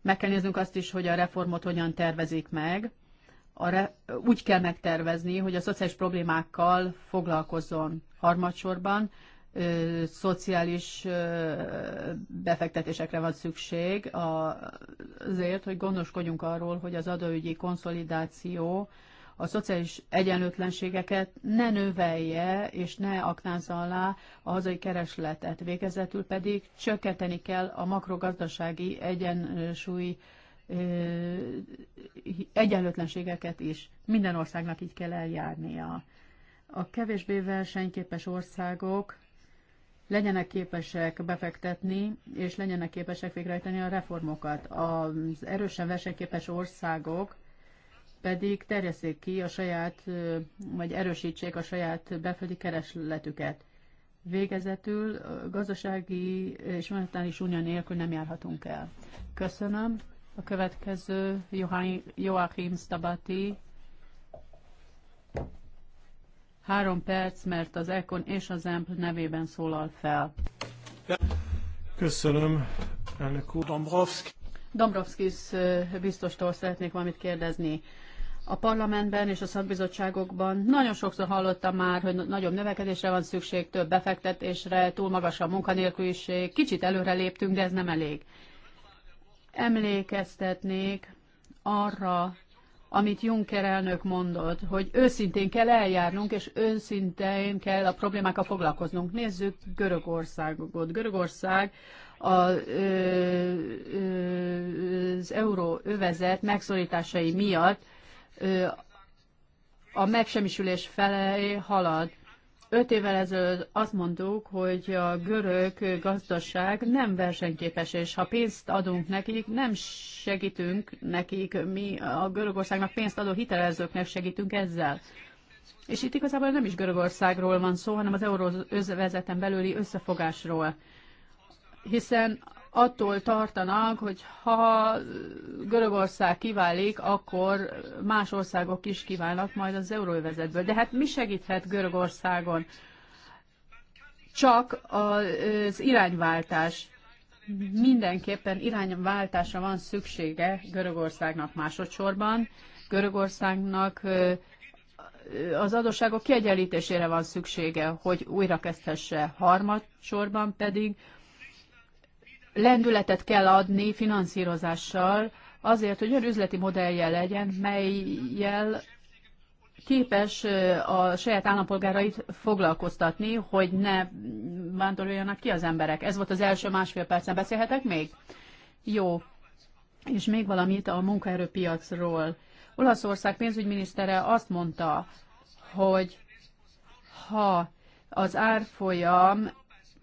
Meg kell néznünk azt is, hogy a reformot hogyan tervezik meg, re, úgy kell megtervezni, hogy a szociális problémákkal foglalkozzon harmadsorban, ö, szociális ö, befektetésekre van szükség a, azért, hogy gondoskodjunk arról, hogy az adóügyi konszolidáció a szociális egyenlőtlenségeket ne növelje és ne aknázza alá a hazai keresletet. Végezetül pedig csökkenteni kell a makrogazdasági egyensúly egyenlőtlenségeket is. Minden országnak így kell eljárnia. A kevésbé versenyképes országok legyenek képesek befektetni, és legyenek képesek végrehajtani a reformokat. Az erősen versenyképes országok pedig terjesszék ki a saját, vagy erősítsék a saját belföldi keresletüket. Végezetül gazdasági és monetáris unió nélkül nem járhatunk el. Köszönöm. A következő Joachim Stabati. Három perc, mert az Ekon és az EMP nevében szólal fel. Köszönöm, elnök úr. Dombrovski. Dombrovskis eh, biztostól szeretnék valamit kérdezni. A parlamentben és a szakbizottságokban nagyon sokszor hallottam már, hogy nagyobb növekedésre van szükség, több befektetésre, túl magas a munkanélküliség. Kicsit előre léptünk, de ez nem elég emlékeztetnék arra, amit Juncker elnök mondott, hogy őszintén kell eljárnunk, és őszintén kell a problémákkal foglalkoznunk. Nézzük Görögországot. Görögország a, ö, ö, az euróövezet megszorításai miatt ö, a megsemmisülés felé halad. Öt évvel ezelőtt azt mondtuk, hogy a görög gazdaság nem versenyképes, és ha pénzt adunk nekik, nem segítünk nekik, mi a Görögországnak pénzt adó hitelezőknek segítünk ezzel. És itt igazából nem is Görögországról van szó, hanem az euróvezeten belüli összefogásról. Hiszen attól tartanak, hogy ha Görögország kiválik, akkor más országok is kiválnak majd az euróvezetből. De hát mi segíthet Görögországon? Csak az irányváltás. Mindenképpen irányváltásra van szüksége Görögországnak másodszorban. Görögországnak az adósságok kiegyenlítésére van szüksége, hogy újrakezdhesse harmadsorban pedig lendületet kell adni finanszírozással, azért, hogy olyan üzleti modellje legyen, melyel képes a saját állampolgárait foglalkoztatni, hogy ne vándoroljanak ki az emberek. Ez volt az első másfél percen. Beszélhetek még? Jó. És még valamit a munkaerőpiacról. Olaszország pénzügyminisztere azt mondta, hogy ha az árfolyam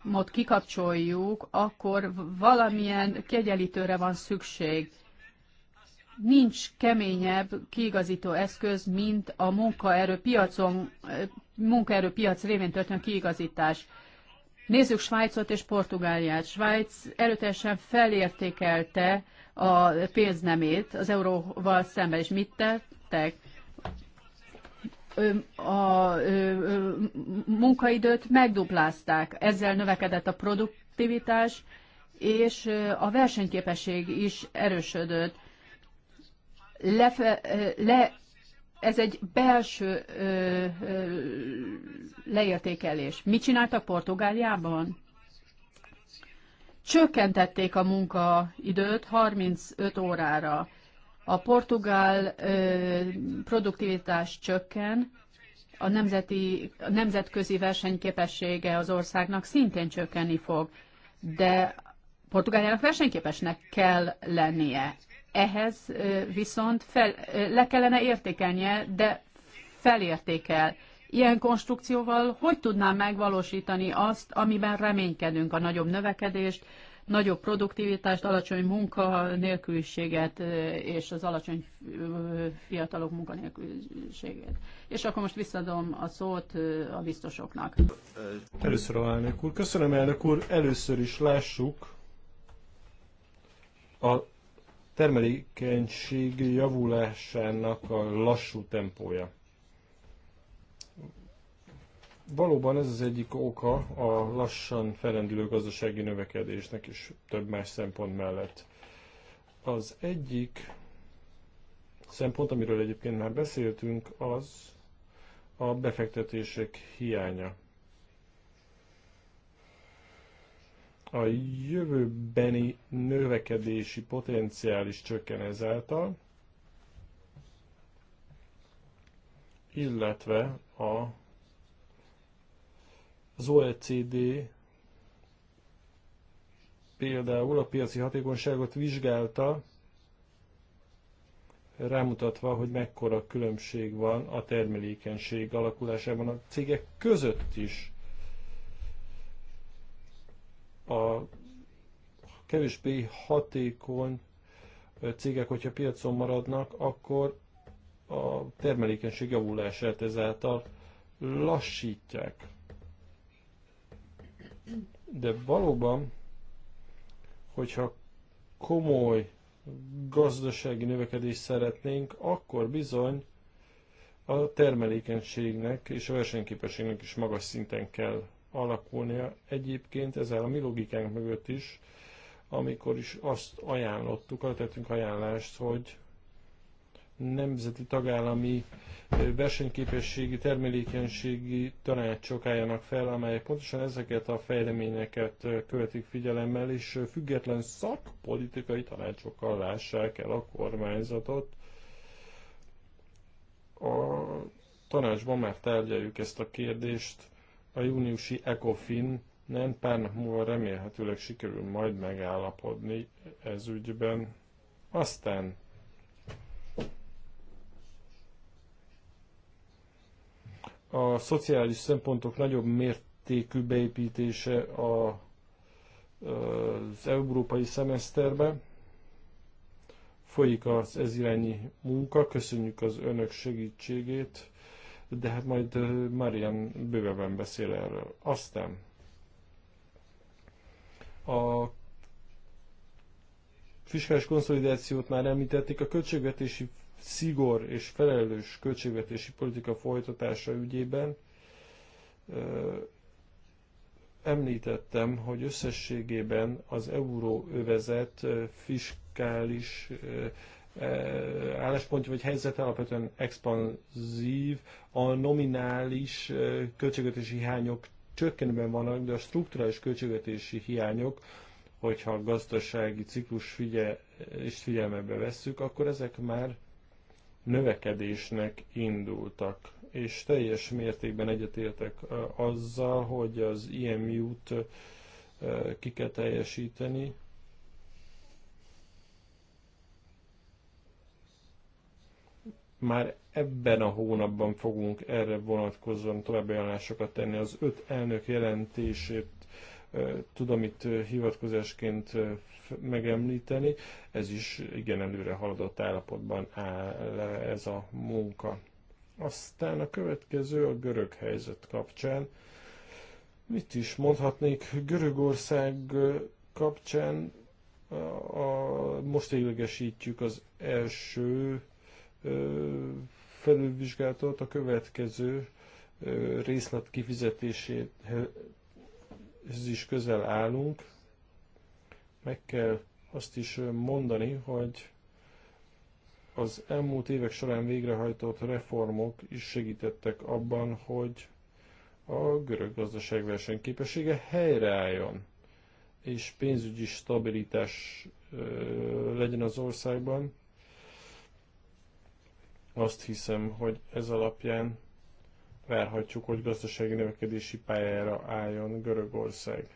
áramot kikapcsoljuk, akkor valamilyen kiegyenlítőre van szükség. Nincs keményebb kiigazító eszköz, mint a munkaerőpiacon, munkaerőpiac révén történő kiigazítás. Nézzük Svájcot és Portugáliát. Svájc erőteljesen felértékelte a pénznemét az euróval szemben, és mit tettek? a munkaidőt megduplázták, ezzel növekedett a produktivitás, és a versenyképesség is erősödött. Lefe, le, ez egy belső leértékelés. Mit csináltak Portugáliában? Csökkentették a munkaidőt 35 órára. A portugál produktivitás csökken, a, nemzeti, a nemzetközi versenyképessége az országnak szintén csökkenni fog, de Portugáliának versenyképesnek kell lennie. Ehhez viszont fel, le kellene értékelnie, de felértékel. Ilyen konstrukcióval hogy tudnám megvalósítani azt, amiben reménykedünk a nagyobb növekedést, nagyobb produktivitást, alacsony munkanélküliséget és az alacsony fiatalok munkanélküliséget. És akkor most visszadom a szót a biztosoknak. Először a elnök úr. Köszönöm, elnök úr. Először is lássuk a termelékenység javulásának a lassú tempója. Valóban ez az egyik oka a lassan felendülő gazdasági növekedésnek is több más szempont mellett. Az egyik szempont, amiről egyébként már beszéltünk, az a befektetések hiánya. A jövőbeni növekedési potenciál is csökken ezáltal, illetve a az OECD például a piaci hatékonyságot vizsgálta, rámutatva, hogy mekkora különbség van a termelékenység alakulásában a cégek között is. A kevésbé hatékony cégek, hogyha piacon maradnak, akkor a termelékenység javulását ezáltal lassítják. De valóban, hogyha komoly gazdasági növekedést szeretnénk, akkor bizony a termelékenységnek és a versenyképességnek is magas szinten kell alakulnia. Egyébként ezzel a mi logikánk mögött is, amikor is azt ajánlottuk, tettünk ajánlást, hogy nemzeti tagállami versenyképességi, termelékenységi tanácsok álljanak fel, amelyek pontosan ezeket a fejleményeket követik figyelemmel, és független szakpolitikai tanácsokkal lássák el a kormányzatot. A tanácsban már tárgyaljuk ezt a kérdést. A júniusi ECOFIN nem pár nap múlva remélhetőleg sikerül majd megállapodni ez ügyben. Aztán a szociális szempontok nagyobb mértékű beépítése a, az európai szemeszterbe. Folyik az ez irányi munka, köszönjük az önök segítségét, de hát majd Marian bővebben beszél erről. Aztán a fiskális konszolidációt már említették, a költségvetési szigor és felelős költségvetési politika folytatása ügyében említettem, hogy összességében az euróövezet fiskális álláspontja vagy helyzet alapvetően expanzív, a nominális költségvetési hiányok csökkenőben vannak, de a strukturális költségvetési hiányok, hogyha a gazdasági ciklus figye, és figyelmebe vesszük, akkor ezek már növekedésnek indultak, és teljes mértékben egyetértek azzal, hogy az IMU-t ki kell teljesíteni, már ebben a hónapban fogunk erre vonatkozóan további ajánlásokat tenni. Az öt elnök jelentését tudom itt hivatkozásként megemlíteni. Ez is igen előre haladott állapotban áll ez a munka. Aztán a következő a görög helyzet kapcsán. Mit is mondhatnék Görögország kapcsán? A, most élegesítjük az első felülvizsgálatot, a következő részlet kifizetését ez is közel állunk. Meg kell azt is mondani, hogy az elmúlt évek során végrehajtott reformok is segítettek abban, hogy a görög gazdaság versenyképessége helyreálljon, és pénzügyi stabilitás legyen az országban. Azt hiszem, hogy ez alapján várhatjuk, hogy gazdasági növekedési pályára álljon Görögország.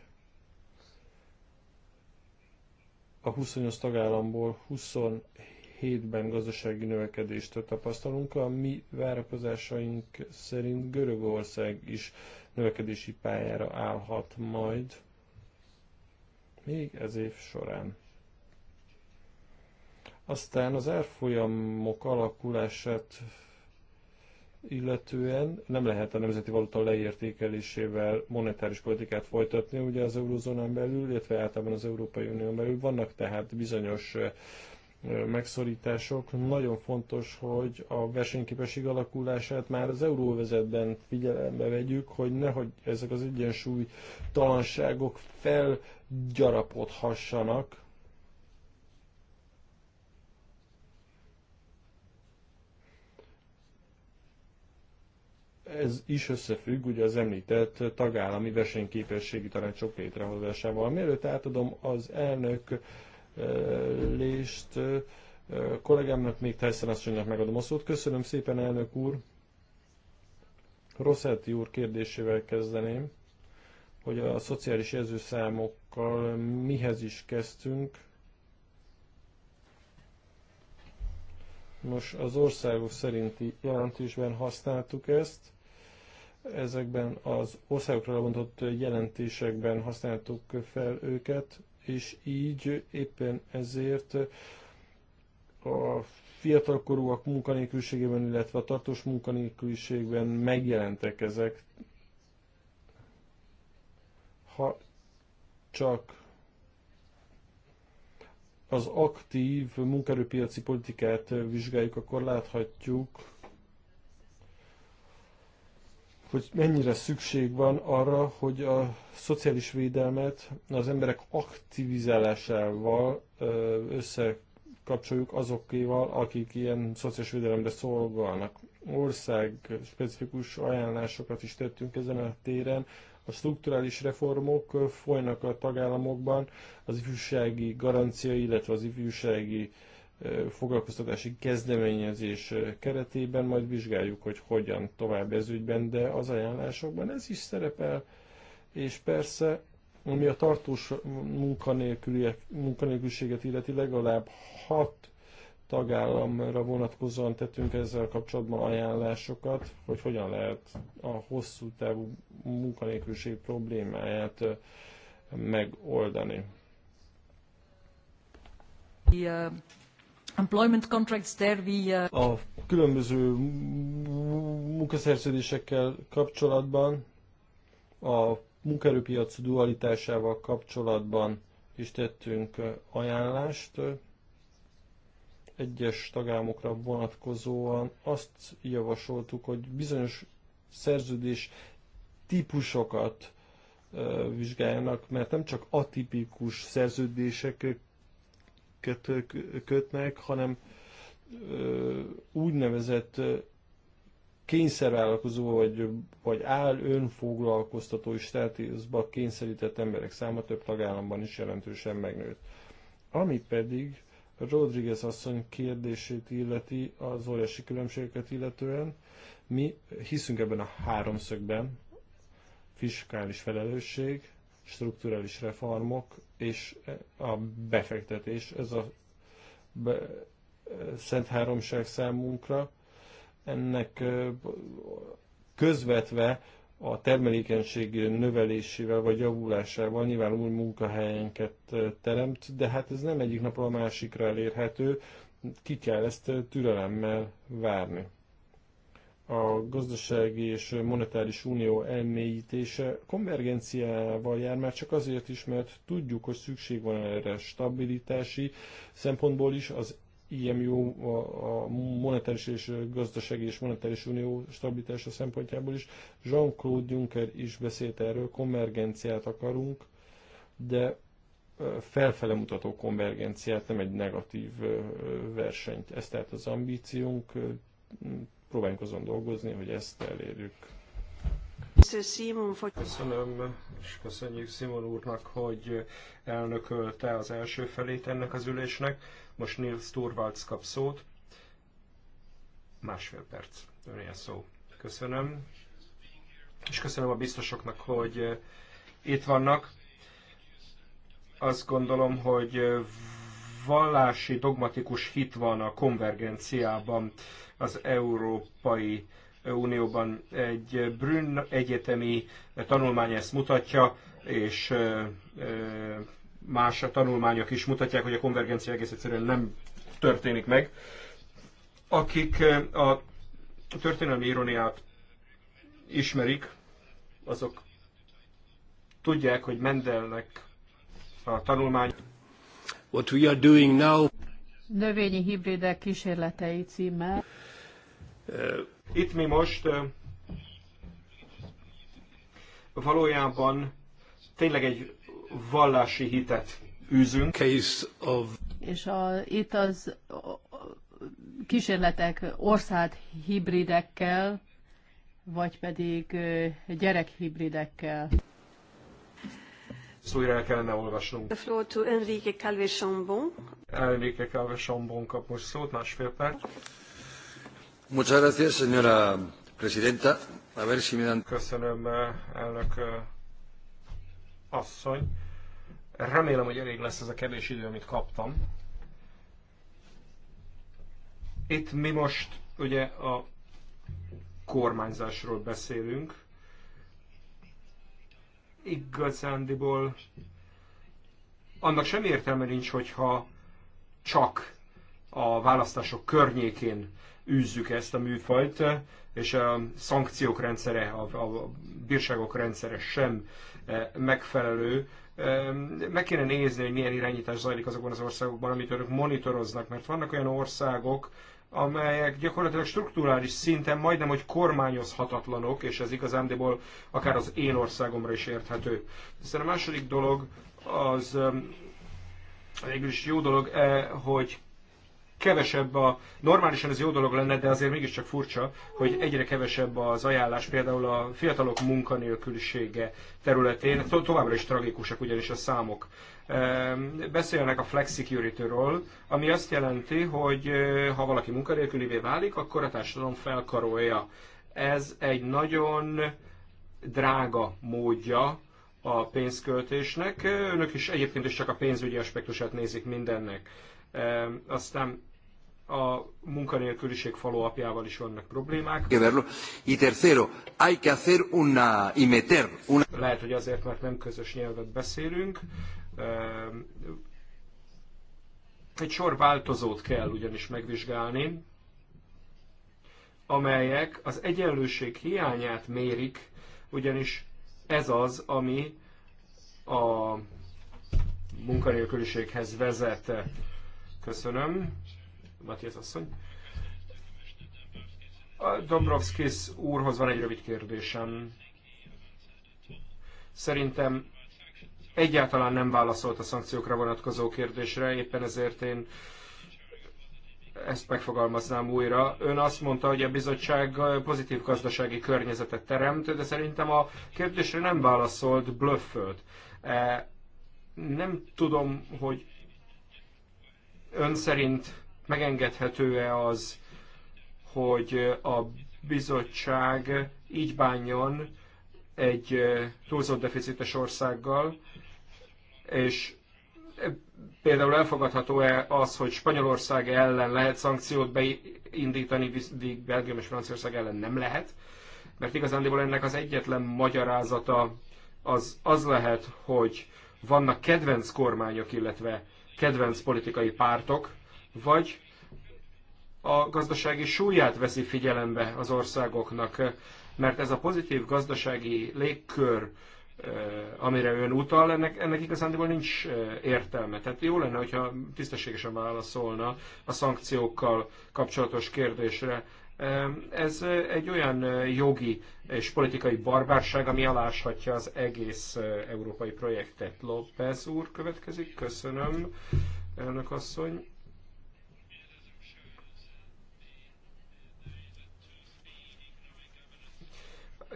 A 28 tagállamból 27-ben gazdasági növekedést tapasztalunk, a mi várakozásaink szerint Görögország is növekedési pályára állhat majd még ez év során. Aztán az árfolyamok alakulását illetően nem lehet a nemzeti valuta leértékelésével monetáris politikát folytatni ugye az eurozónán belül, illetve általában az Európai Unión belül. Vannak tehát bizonyos megszorítások. Nagyon fontos, hogy a versenyképesség alakulását már az euróvezetben figyelembe vegyük, hogy nehogy ezek az egyensúly talanságok felgyarapodhassanak, Ez is összefügg ugye az említett tagállami versenyképességi tanácsok létrehozásával. Mielőtt átadom az elnök eh, lést, eh, kollégámnak, még Tyson asszonynak megadom a szót. Köszönöm szépen, elnök úr! Rosszetti úr kérdésével kezdeném, hogy a szociális jelzőszámokkal mihez is kezdtünk. Most az országos szerinti jelentésben használtuk ezt ezekben az országokra lebontott jelentésekben használtuk fel őket, és így éppen ezért a fiatalkorúak munkanélküliségében, illetve a tartós munkanélküliségben megjelentek ezek. Ha csak az aktív munkerőpiaci politikát vizsgáljuk, akkor láthatjuk, hogy mennyire szükség van arra, hogy a szociális védelmet az emberek aktivizálásával összekapcsoljuk azokéval, akik ilyen szociális védelemre szolgálnak. Ország specifikus ajánlásokat is tettünk ezen a téren, a strukturális reformok folynak a tagállamokban, az ifjúsági garancia, illetve az ifjúsági uh, foglalkoztatási kezdeményezés keretében, majd vizsgáljuk, hogy hogyan tovább ez ügyben, de az ajánlásokban ez is szerepel, és persze, ami a tartós munkanélküliséget illeti, legalább hat tagállamra vonatkozóan tettünk ezzel kapcsolatban ajánlásokat, hogy hogyan lehet a hosszú távú munkanélküliség problémáját megoldani. Yeah employment contracts there we... Uh... A különböző munkaszerződésekkel kapcsolatban, a munkaerőpiac dualitásával kapcsolatban is tettünk uh, ajánlást egyes tagállamokra vonatkozóan. Azt javasoltuk, hogy bizonyos szerződés típusokat uh, vizsgáljanak, mert nem csak atipikus szerződések szerződéseket kötnek, hanem úgynevezett kényszervállalkozó vagy, vagy áll önfoglalkoztató státuszba kényszerített emberek száma több tagállamban is jelentősen megnőtt. Ami pedig Rodriguez asszony kérdését illeti, az óriási különbségeket illetően, mi hiszünk ebben a háromszögben, fiskális felelősség, strukturális reformok és a befektetés. Ez a be, szent háromság számunkra. Ennek közvetve a termelékenység növelésével vagy javulásával nyilván új munkahelyenket teremt, de hát ez nem egyik napról a másikra elérhető, ki kell ezt türelemmel várni a gazdasági és monetáris unió elmélyítése konvergenciával jár már csak azért is, mert tudjuk, hogy szükség van erre stabilitási szempontból is, az IMU, a monetáris és gazdasági és monetáris unió stabilitása szempontjából is. Jean-Claude Juncker is beszélt erről, konvergenciát akarunk, de felfele mutató konvergenciát, nem egy negatív versenyt. Ez tehát az ambíciónk, próbáljunk azon dolgozni, hogy ezt elérjük. Köszönöm, és köszönjük Simon úrnak, hogy elnökölte az első felét ennek az ülésnek. Most Nils Torvalds kap szót. Másfél perc, önél szó. Köszönöm. És köszönöm a biztosoknak, hogy itt vannak. Azt gondolom, hogy vallási dogmatikus hit van a konvergenciában az Európai Unióban. Egy Brünn egyetemi tanulmány ezt mutatja, és más a tanulmányok is mutatják, hogy a konvergencia egész egyszerűen nem történik meg. Akik a történelmi ironiát ismerik, azok tudják, hogy Mendelnek a tanulmány What we are doing now... Növényi hibridek kísérletei címmel. Uh, itt mi most uh, valójában tényleg egy vallási hitet űzünk. Case of... És a, itt az kísérletek ország hibridekkel, vagy pedig gyerekhibridekkel. Ezt újra el kellene olvasnunk. The floor to Enrique Calvé-Chambon. Enrique Calvé-Chambon kap most szót, másfél perc. Muchas gracias, señora presidenta. A ver si me dan... Köszönöm, eh, elnök eh, asszony. Remélem, hogy elég lesz ez a kevés idő, amit kaptam. Itt mi most ugye a kormányzásról beszélünk, igazándiból annak semmi értelme nincs, hogyha csak a választások környékén űzzük ezt a műfajt, és a szankciók rendszere, a, a bírságok rendszere sem eh, megfelelő. Eh, meg kéne nézni, hogy milyen irányítás zajlik azokban az országokban, amit önök monitoroznak, mert vannak olyan országok, amelyek gyakorlatilag strukturális szinten majdnem, hogy kormányozhatatlanok, és ez igazándiból akár az én országomra is érthető. Hiszen a második dolog az um, végül is jó dolog, eh, hogy kevesebb a, normálisan ez jó dolog lenne, de azért mégiscsak furcsa, hogy egyre kevesebb az ajánlás például a fiatalok munkanélkülisége területén, to- továbbra is tragikusak ugyanis a számok. Ehm, beszélnek a flex security-ről, ami azt jelenti, hogy eh, ha valaki munkanélkülivé válik, akkor a társadalom felkarolja. Ez egy nagyon drága módja a pénzköltésnek. Önök is egyébként is csak a pénzügyi aspektusát nézik mindennek. Ehm, aztán a munkanélküliség falóapjával is vannak problémák. Y tercero, hay que hacer una y meter una... Lehet, hogy azért, mert nem közös nyelvet beszélünk. Ehm, egy sor változót kell ugyanis megvizsgálni, amelyek az egyenlőség hiányát mérik, ugyanis ez az, ami a munkanélküliséghez vezet. Köszönöm. Matthias asszony. A Dombrovskis úrhoz van egy rövid kérdésem. Szerintem egyáltalán nem válaszolt a szankciókra vonatkozó kérdésre, éppen ezért én ezt megfogalmaznám újra. Ön azt mondta, hogy a bizottság pozitív gazdasági környezetet teremt, de szerintem a kérdésre nem válaszolt, blöffölt. E, nem tudom, hogy ön szerint megengedhető-e az, hogy a bizottság így bánjon egy túlzott deficites országgal, és például elfogadható-e az, hogy Spanyolország ellen lehet szankciót beindítani, míg Belgium és Franciaország ellen nem lehet? Mert igazándiból ennek az egyetlen magyarázata az, az lehet, hogy vannak kedvenc kormányok, illetve kedvenc politikai pártok, vagy a gazdasági súlyát veszi figyelembe az országoknak, mert ez a pozitív gazdasági légkör, eh, amire ön utal, ennek, ennek igazándiból nincs eh, értelme. Tehát jó lenne, hogyha tisztességesen válaszolna a szankciókkal kapcsolatos kérdésre. Eh, ez egy olyan jogi és politikai barbárság, ami aláshatja az egész európai projektet. López úr következik, köszönöm, elnök asszony.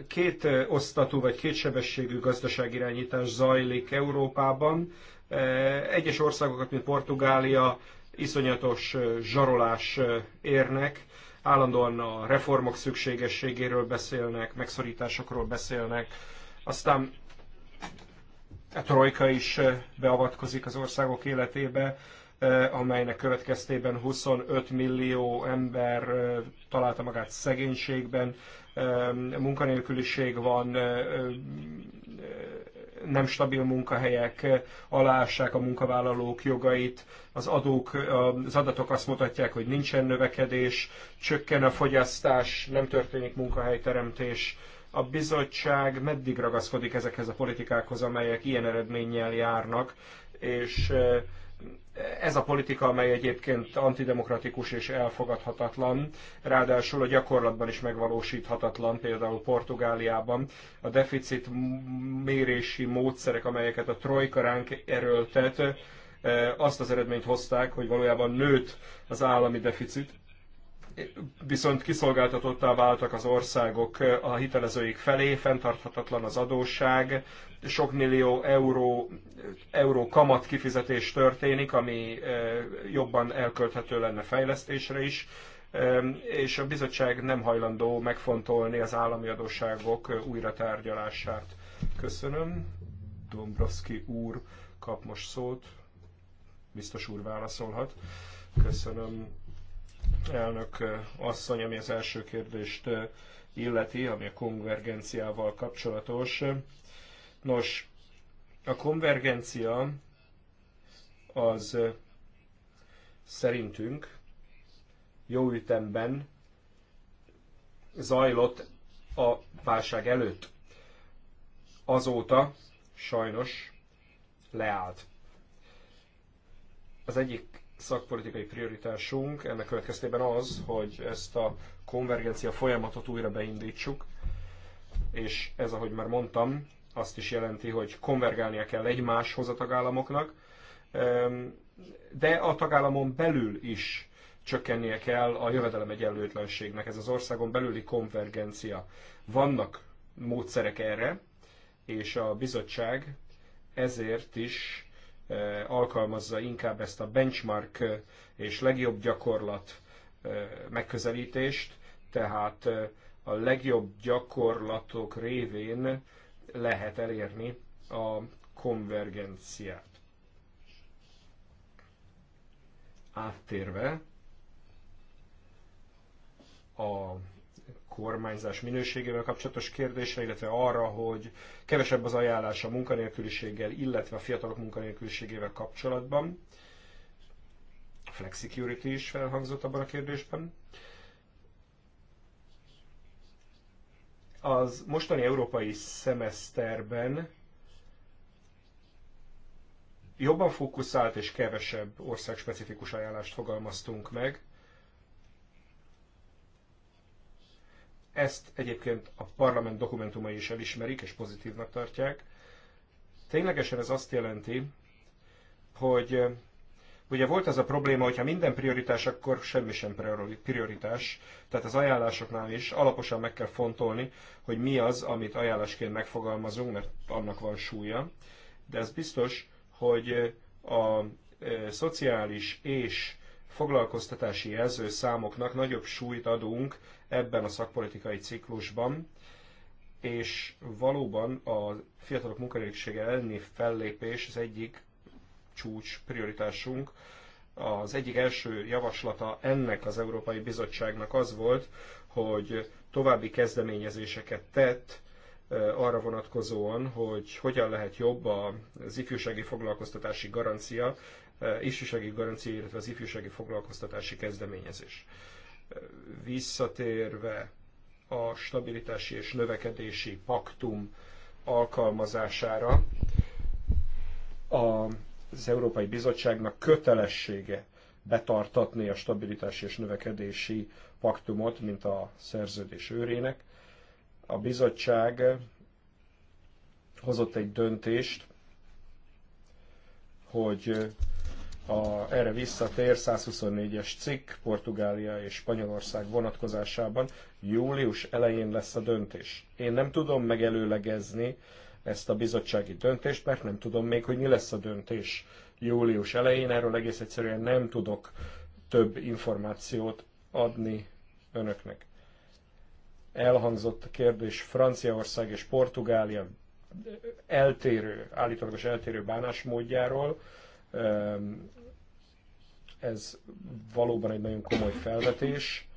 két eh, osztatú vagy kétsebességű gazdaságirányítás zajlik Európában. Eh, egyes országokat, mint Portugália, iszonyatos eh, zsarolás érnek, állandóan a reformok szükségességéről beszélnek, megszorításokról beszélnek, aztán a trojka is beavatkozik az országok életébe, amelynek következtében 25 millió ember találta magát szegénységben, munkanélküliség van, nem stabil munkahelyek alássák a munkavállalók jogait, az, adók, az adatok azt mutatják, hogy nincsen növekedés, csökken a fogyasztás, nem történik munkahelyteremtés. A bizottság meddig ragaszkodik ezekhez a politikákhoz, amelyek ilyen eredménnyel járnak, és ez a politika, amely egyébként antidemokratikus és elfogadhatatlan, ráadásul a gyakorlatban is megvalósíthatatlan, például Portugáliában a deficit mérési módszerek, amelyeket a trojka ránk erőltet, e, azt az eredményt hozták, hogy valójában nőtt az állami deficit, viszont kiszolgáltatottá váltak az országok a hitelezőik felé, fenntarthatatlan az adósság, sok millió euró, euró kamat kifizetés történik, ami jobban elkölthető lenne fejlesztésre is, és a bizottság nem hajlandó megfontolni az állami adósságok újratárgyalását. Köszönöm. Dombrovski úr kap most szót. Biztos úr válaszolhat. Köszönöm elnök eh, asszony, ami az első kérdést eh, illeti, ami a konvergenciával kapcsolatos. Nos, a konvergencia az eh, szerintünk jó ütemben zajlott a válság előtt. Azóta sajnos leállt. Az egyik szakpolitikai prioritásunk ennek következtében az, hogy ezt a konvergencia folyamatot újra beindítsuk, és ez, ahogy már mondtam, azt is jelenti, hogy konvergálnia kell egymáshoz a tagállamoknak, ehm, de a tagállamon belül is csökkennie kell a jövedelem egyenlőtlenségnek. Ez az országon belüli konvergencia. Vannak módszerek erre, és a bizottság ezért is alkalmazza inkább ezt a benchmark és legjobb gyakorlat megközelítést, tehát a legjobb gyakorlatok révén lehet elérni a konvergenciát. Áttérve a kormányzás minőségével kapcsolatos kérdésre, illetve arra, hogy kevesebb az ajánlás a munkanélküliséggel, illetve a fiatalok munkanélküliségével kapcsolatban. Flexicurity is felhangzott abban a kérdésben. Az mostani európai szemeszterben jobban fókuszált és kevesebb országspecifikus ajánlást fogalmaztunk meg, Ezt egyébként a parlament dokumentumai is elismerik és pozitívnak tartják. Ténylegesen ez azt jelenti, hogy eh, ugye volt ez a probléma, hogyha minden prioritás, akkor semmi sem prioritás. Tehát az ajánlásoknál is alaposan meg kell fontolni, hogy mi az, amit ajánlásként megfogalmazunk, mert annak van súlya. De ez biztos, hogy eh, a eh, szociális és foglalkoztatási jelzőszámoknak nagyobb súlyt adunk, ebben a szakpolitikai ciklusban, és valóban a fiatalok munkanélkülisége elleni fellépés az egyik csúcs prioritásunk. Az egyik első javaslata ennek az Európai Bizottságnak az volt, hogy további kezdeményezéseket tett arra vonatkozóan, hogy hogyan lehet jobb az ifjúsági foglalkoztatási garancia, ifjúsági garancia, illetve az ifjúsági foglalkoztatási kezdeményezés visszatérve a stabilitási és növekedési paktum alkalmazására, az Európai Bizottságnak kötelessége betartatni a stabilitási és növekedési paktumot, mint a szerződés őrének. A bizottság hozott egy döntést, hogy a, erre visszatér 124-es cikk Portugália és Spanyolország vonatkozásában július elején lesz a döntés. Én nem tudom megelőlegezni ezt a bizottsági döntést, mert nem tudom még, hogy mi lesz a döntés július elején. Erről egész egyszerűen nem tudok több információt adni önöknek. Elhangzott a kérdés Franciaország és Portugália eltérő, állítólagos eltérő bánásmódjáról ez valóban egy nagyon komoly felvetés,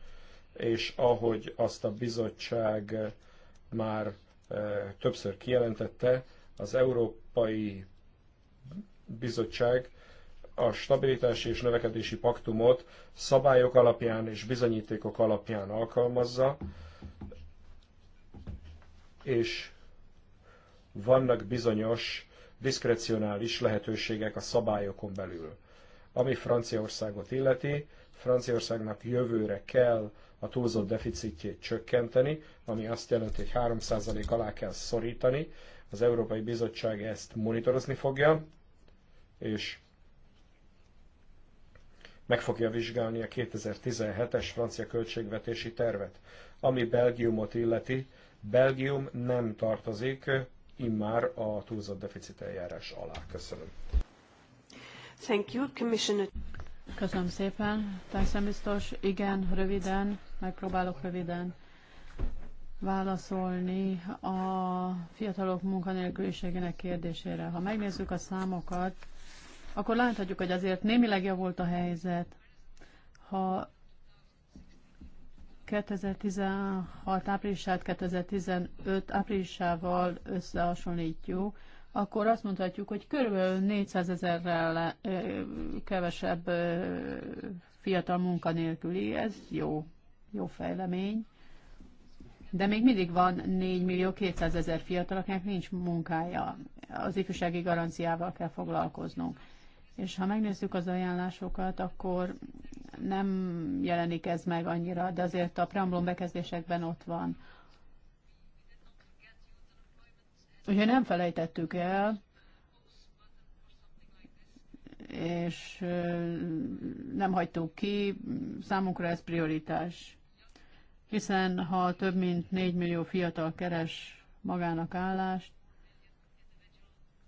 és ahogy azt a bizottság már eh, többször kijelentette, az Európai Bizottság a stabilitási és növekedési paktumot szabályok alapján és bizonyítékok alapján alkalmazza, és vannak bizonyos diszkrecionális lehetőségek a szabályokon belül. Ami Franciaországot illeti, Franciaországnak jövőre kell a túlzott deficitjét csökkenteni, ami azt jelenti, hogy 3% alá kell szorítani. Az Európai Bizottság ezt monitorozni fogja, és meg fogja vizsgálni a 2017-es francia költségvetési tervet. Ami Belgiumot illeti, Belgium nem tartozik immár a túlzott deficit eljárás alá. Köszönöm. Thank you, Commissioner. Köszönöm szépen. Tyson biztos, igen, röviden, megpróbálok röviden válaszolni a fiatalok munkanélküliségének kérdésére. Ha megnézzük a számokat, akkor láthatjuk, hogy azért némileg javult a helyzet. Ha 2016 áprilisát 2015 áprilisával összehasonlítjuk, akkor azt mondhatjuk, hogy körülbelül 400 ezerrel kevesebb fiatal munkanélküli, ez jó, jó fejlemény. De még mindig van 4 millió 200 ezer fiatal, akinek nincs munkája. Az ifjúsági garanciával kell foglalkoznunk. És ha megnézzük az ajánlásokat, akkor nem jelenik ez meg annyira, de azért a preambulum bekezdésekben ott van. Ugye nem felejtettük el, és nem hagytuk ki, számunkra ez prioritás. Hiszen ha több mint 4 millió fiatal keres magának állást,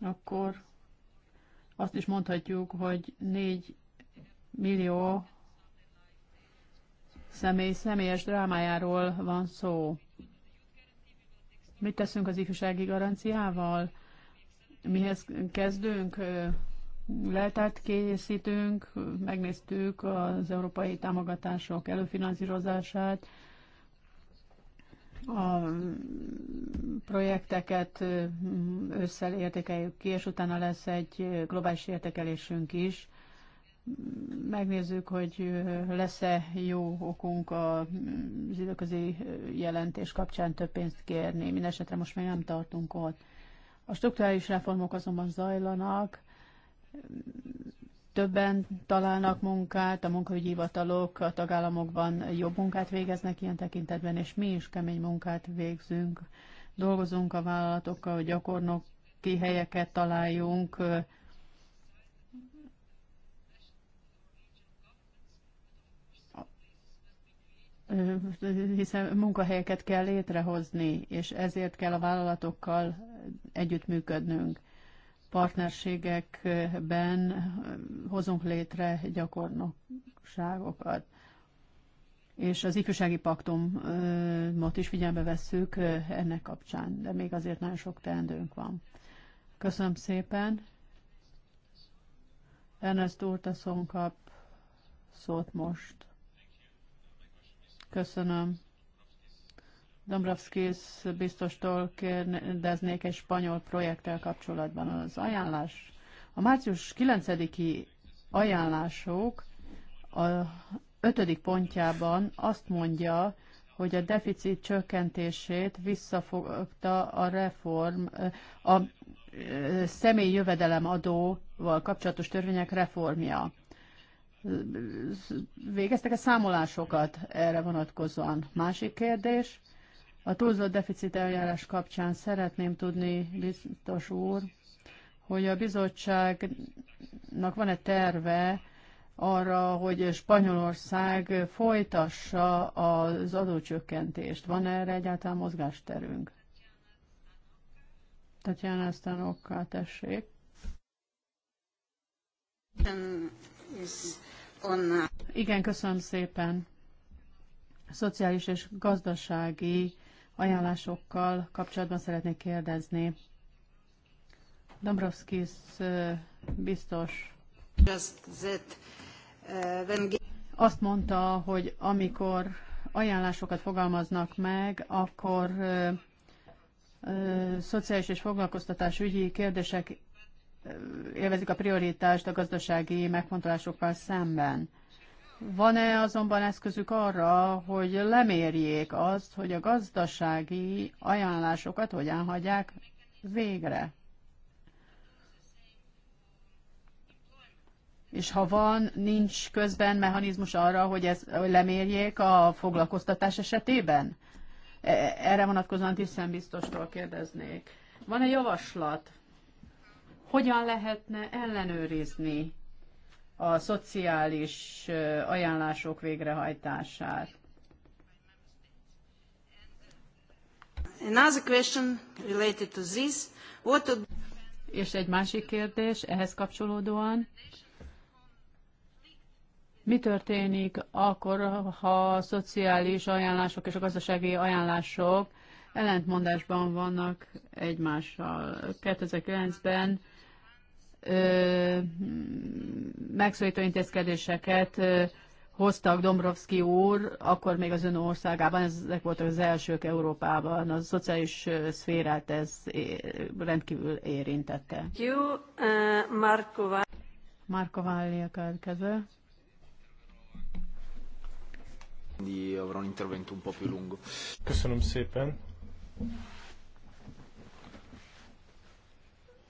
akkor azt is mondhatjuk, hogy 4 millió személy személyes drámájáról van szó. Mit teszünk az ifjúsági garanciával? Mihez kezdünk? Leltárt készítünk, megnéztük az európai támogatások előfinanszírozását, a projekteket összeértékeljük ki, és utána lesz egy globális értékelésünk is Megnézzük, hogy lesz-e jó okunk az időközi jelentés kapcsán több pénzt kérni. Mindenesetre most még nem tartunk ott. A struktúrális reformok azonban zajlanak, többen találnak munkát, a munkahogyi hivatalok a tagállamokban jobb munkát végeznek ilyen tekintetben, és mi is kemény munkát végzünk. Dolgozunk a vállalatokkal, hogy gyakornoki helyeket találjunk, hiszen munkahelyeket kell létrehozni, és ezért kell a vállalatokkal együttműködnünk. Partnerségekben hozunk létre gyakornokságokat. És az ifjúsági paktumot is figyelme vesszük ennek kapcsán, de még azért nagyon sok teendőnk van. Köszönöm szépen. Ernest Urtaszon kap szót most. Köszönöm. Dombrovskis biztostól kérdeznék egy spanyol projekttel kapcsolatban az ajánlás. A március 9-i ajánlások a ötödik pontjában azt mondja, hogy a deficit csökkentését visszafogta a reform, a személyi jövedelemadóval kapcsolatos törvények reformja végeztek a számolásokat erre vonatkozóan? Másik kérdés, a túlzott deficit eljárás kapcsán szeretném tudni, biztos úr, hogy a bizottságnak van-e terve arra, hogy Spanyolország folytassa az adócsökkentést. Van -e erre egyáltalán mozgásterünk? Tatjana Sztanokká, tessék. Um, igen, köszönöm szépen. Szociális és gazdasági ajánlásokkal kapcsolatban szeretnék kérdezni. Dombrovskis biztos azt mondta, hogy amikor ajánlásokat fogalmaznak meg, akkor ö, ö, szociális és ügyi kérdések élvezik a prioritást a gazdasági megfontolásokkal szemben. Van-e azonban eszközük arra, hogy lemérjék azt, hogy a gazdasági ajánlásokat hogyan hagyják végre? És ha van, nincs közben mechanizmus arra, hogy ez hogy lemérjék a foglalkoztatás esetében? E, erre vonatkozóan tisztán biztostól kérdeznék. Van egy javaslat hogyan lehetne ellenőrizni a szociális ajánlások végrehajtását. Another question related to this. What would... És egy másik kérdés ehhez kapcsolódóan. Mi történik akkor, ha a szociális ajánlások és a gazdasági ajánlások ellentmondásban vannak egymással? 2009-ben megszólító intézkedéseket hoztak Dombrovski úr, akkor még az ön országában, ezek voltak az elsők Európában, a szociális szférát ez rendkívül érintette. Jó, uh, Markova. Markovalli a következő. Köszönöm szépen.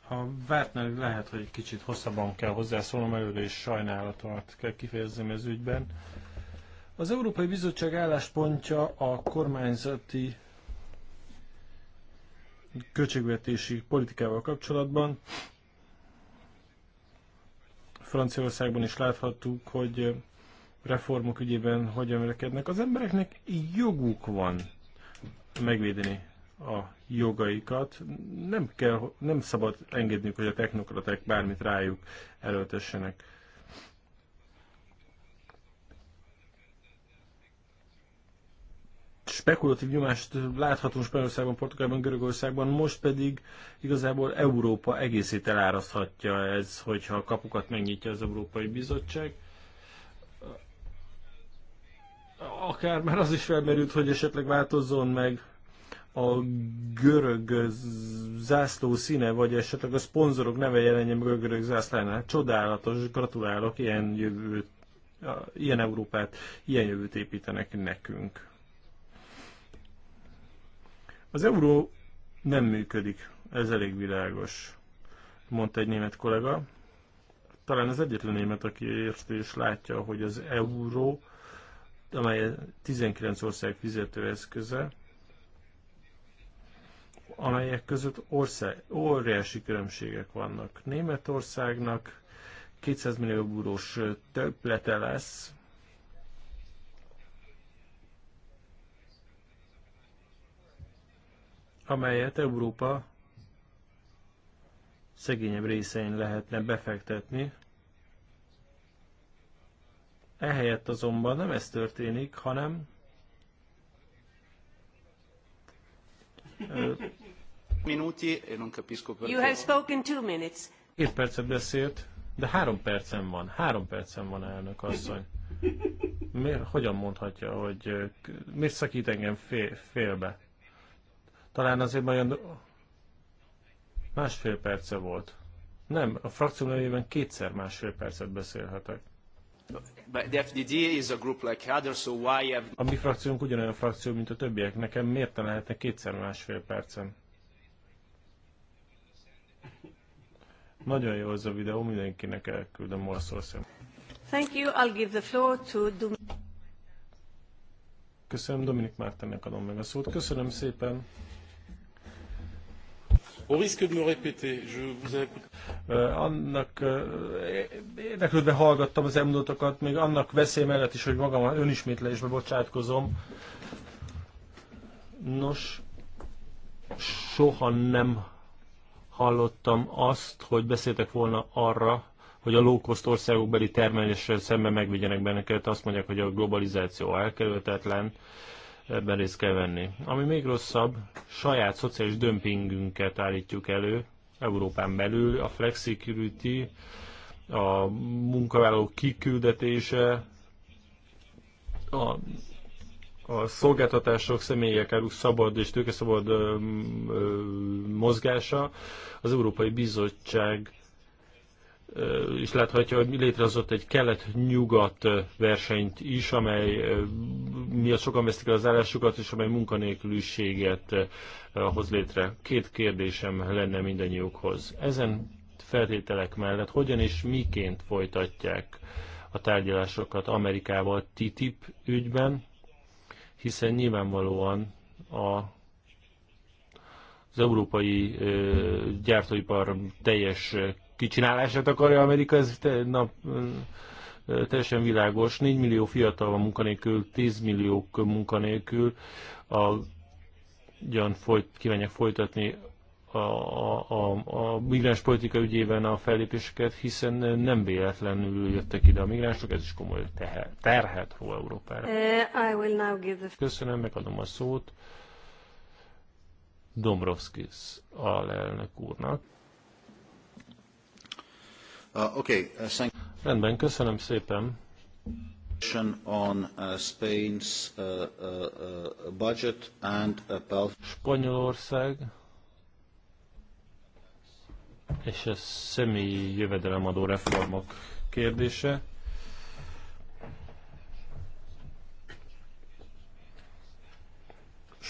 A Vártnál lehet, hogy kicsit hosszabban kell hozzászólnom előre, és sajnálatomat kell kifejezni az ügyben. Az Európai Bizottság álláspontja a kormányzati költségvetési politikával kapcsolatban. Franciaországban is láthattuk, hogy reformok ügyében hogyan emelkednek. Az embereknek joguk van megvédeni a jogaikat. Nem, kell, nem szabad engedni hogy a technokraták bármit rájuk erőltessenek. spekulatív nyomást láthatunk Spanyolországban, Portugálban, Görögországban, most pedig igazából Európa egészét eláraszthatja ez, hogyha a kapukat megnyitja az Európai Bizottság. Akár már az is felmerült, hogy esetleg változzon meg a görög zászló színe, vagy esetleg a szponzorok neve jelenjen meg a görög zászlánál. Csodálatos, gratulálok, ilyen jövőt, ilyen Európát, ilyen jövőt építenek nekünk. Az euró nem működik, ez elég világos, mondta egy német kollega. Talán az egyetlen német, aki érti és látja, hogy az euró, amely 19 ország fizetőeszköze, amelyek között ország, óriási különbségek vannak. Németországnak 200 millió eurós többlete lesz, amelyet Európa szegényebb részein lehetne befektetni. Ehelyett azonban nem ez történik, hanem Minuti, non capisco perché. You have spoken Két percet beszélt, de három percen van. Három percen van, elnök asszony. Miért, hogyan mondhatja, hogy miért szakít engem fél, félbe? Talán azért olyan másfél perce volt. Nem, a frakció nevében kétszer másfél percet beszélhetek. But the FDD is a group like others, so why have... A mi frakciónk ugyanolyan frakció, mint a többiek. Nekem miért ne lehetne kétszer másfél percen? Nagyon jó ez a videó, mindenkinek elküldöm Olaszország. Thank you, I'll give the floor to Dum Köszönöm, Dominik Mártennek adom meg a szót. Köszönöm szépen. Au risque de me répéter, je vous ai... Annak érdeklődve hallgattam az elmondottakat, még annak veszély mellett is, hogy magam önismétlésbe bocsátkozom. Nos, soha nem hallottam azt, hogy beszéltek volna arra, hogy a low-cost beli termeléssel szemben megvigyenek benneket, Azt mondják, hogy a globalizáció elkerülhetetlen ebben részt kell venni. Ami még rosszabb, saját szociális dömpingünket állítjuk elő Európán belül, a flexicurity, a munkavállalók kiküldetése, a, a szolgáltatások, személyek elú szabad és tőkeszabad ö, ö, mozgása. Az Európai Bizottság is láthatja, hogy létrehozott egy kelet-nyugat versenyt is, amely miatt sokan vesztik el az állásukat, és amely munkanélküliséget hoz létre. Két kérdésem lenne mindannyiukhoz. Ezen feltételek mellett hogyan és miként folytatják a tárgyalásokat Amerikával TTIP ügyben, hiszen nyilvánvalóan a az európai gyártóipar teljes kicsinálását akarja Amerika, ez te, na, teljesen világos. 4 millió fiatal van munkanélkül, 10 millió munkanélkül, a, ugyan folyt, kívánják folytatni a, a, a, a migráns politika ügyében a fellépéseket, hiszen nem véletlenül jöttek ide a migránsok, ez is komoly teher, terhet ró Európára. Eh, the... Köszönöm, megadom a szót Dombrovskis alelnök úrnak. Uh, okay, uh, thank Rendben, köszönöm szépen. On, uh, Spain's, uh, uh, uh budget and, uh, Spanyolország és a személyi jövedelemadó reformok kérdése.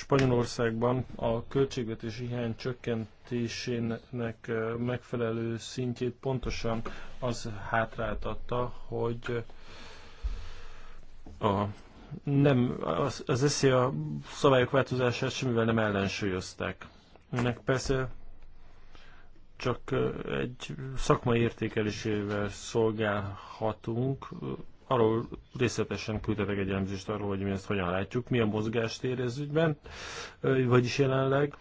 Spanyolországban a költségvetési hiány csökkentésének eh, megfelelő szintjét pontosan az hátráltatta, hogy eh, a nem, az, az a szabályok változását semmivel nem ellensúlyozták. Ennek persze csak eh, egy szakmai értékelésével szolgálhatunk, arról részletesen küldetek egy elemzést arról, hogy mi ezt hogyan látjuk, mi a mozgást ez ügyben, vagyis jelenleg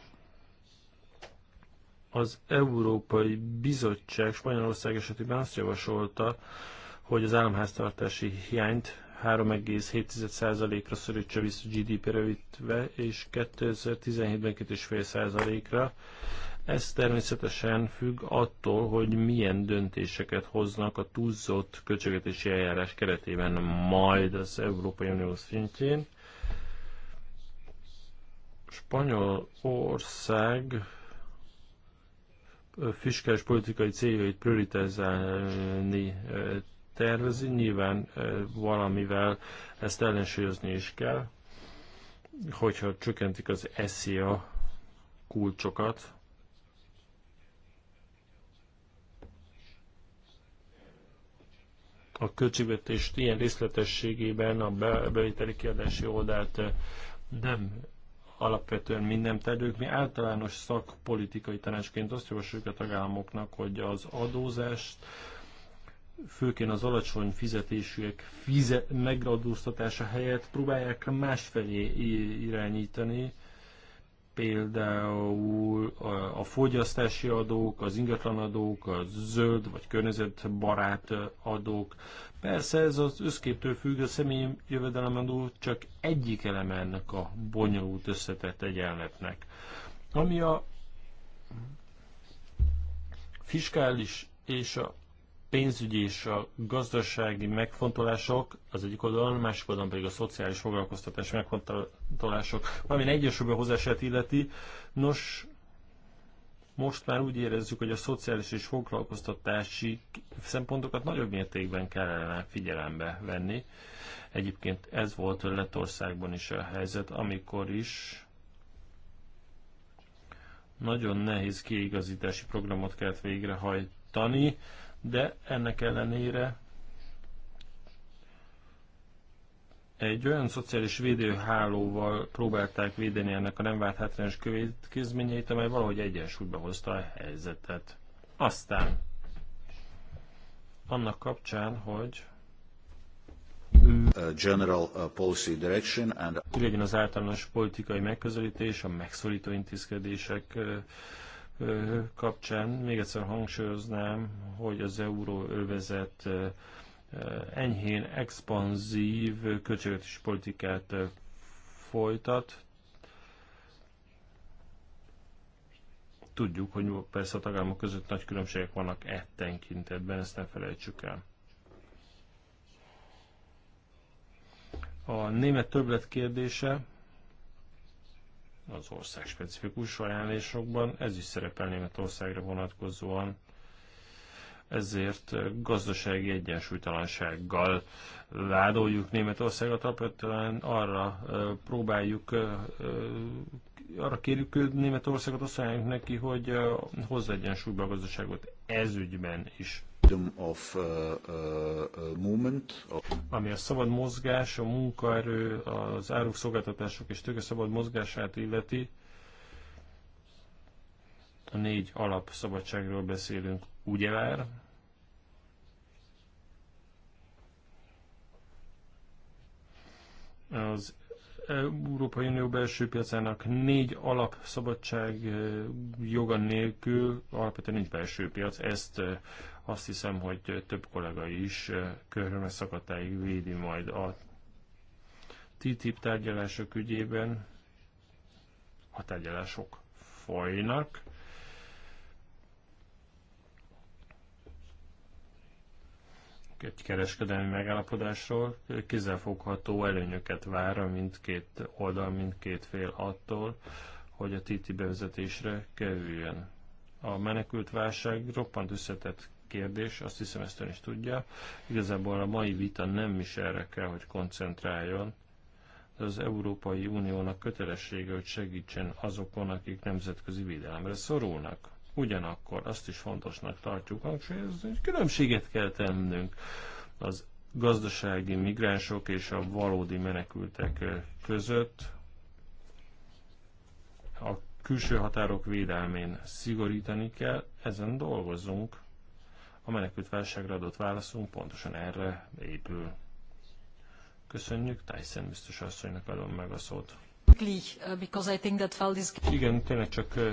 az Európai Bizottság Spanyolország esetében azt javasolta, hogy az államháztartási hiányt 3,7%-ra szorítsa vissza GDP-re vitve, és 2017-ben 2,5%-ra. Ez természetesen függ attól, hogy milyen döntéseket hoznak a túlzott költségvetési eljárás keretében majd az Európai Unió szintjén. Spanyolország fiskális politikai céljait prioritizálni tervezi, nyilván valamivel ezt ellensúlyozni is kell, hogyha csökkentik az SZIA kulcsokat, a költségvetést ilyen részletességében a bevételi kiadási oldalt nem alapvetően mi nem Mi általános szakpolitikai tanácsként azt javasoljuk a tagállamoknak, hogy az adózást, főként az alacsony fizetésűek fize- megadóztatása helyett próbálják másfelé irányítani, például a fogyasztási adók, az ingatlanadók, a zöld vagy környezetbarát adók. Persze ez az összképtől függ, a személyi adó csak egyik eleme ennek a bonyolult összetett egyenletnek. Ami a fiskális és a pénzügyi és a gazdasági megfontolások az egyik oldalon, a másik oldalon pedig a szociális foglalkoztatás megfontolások, valamint egyesülő hozását illeti. Nos, most már úgy érezzük, hogy a szociális és foglalkoztatási szempontokat nagyobb mértékben kellene figyelembe venni. Egyébként ez volt Lettországban is a helyzet, amikor is nagyon nehéz kiigazítási programot kellett végrehajtani, de ennek ellenére egy olyan szociális védőhálóval próbálták védeni ennek a nem várt hátrányos következményeit, amely valahogy egyensúlyba hozta a helyzetet. Aztán annak kapcsán, hogy general uh, policy direction and legyen az általános politikai megközelítés, a megszorító intézkedések uh, kapcsán még egyszer hangsúlyoznám, hogy az euróövezet enyhén expanzív költségvetési politikát folytat. Tudjuk, hogy persze a tagállamok között nagy különbségek vannak e tekintetben, ezt ne felejtsük el. A német többlet kérdése az ország specifikus ajánlásokban, ez is szerepel Németországra vonatkozóan, ezért gazdasági egyensúlytalansággal vádoljuk Németországot, alapvetően arra próbáljuk, arra kérjük Németországot, azt neki, hogy hozza egyensúlyba a gazdaságot ezügyben is. Uh, uh, uh, Ami a szabad mozgás, a munkaerő, az áruk, szolgáltatások és tőke szabad mozgását illeti, a négy alap szabadságról beszélünk, ugye vár? Az Európai Unió belső piacának négy alapszabadság joga nélkül alapvetően nincs belső piac. Ezt azt hiszem, hogy több kollega is körülme szakadtáig védi majd a TTIP tárgyalások ügyében. A tárgyalások folynak. egy kereskedelmi megállapodásról, kézzelfogható előnyöket vár a mindkét oldal, mindkét fél attól, hogy a TTI bevezetésre kerüljön. A menekült válság roppant összetett kérdés, azt hiszem ezt ön is tudja. Igazából a mai vita nem is erre kell, hogy koncentráljon, de az Európai Uniónak kötelessége, hogy segítsen azokon, akik nemzetközi védelemre szorulnak. Ugyanakkor azt is fontosnak tartjuk hangsúlyozni, hogy különbséget kell tennünk az gazdasági migránsok és a valódi menekültek között. A külső határok védelmén szigorítani kell, ezen dolgozunk. A menekült válságra adott válaszunk pontosan erre épül. Köszönjük, Tyson biztos asszonynak adom meg a szót. Uh, Igen, tényleg csak uh,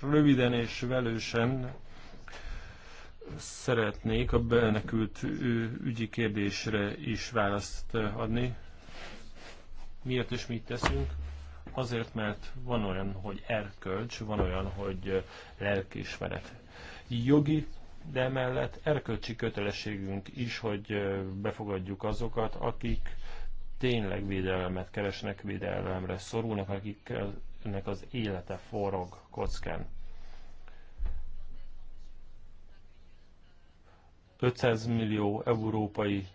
röviden és velősen szeretnék a benekült ügyi kérdésre is választ uh, adni. Miért és mit teszünk? Azért, mert van olyan, hogy erkölcs, van olyan, hogy lelkiismeret. Jogi, de emellett erkölcsi kötelességünk is, hogy befogadjuk azokat, akik tényleg védelmet keresnek, védelemre szorulnak, akiknek az élete forog kockán. 500 millió európai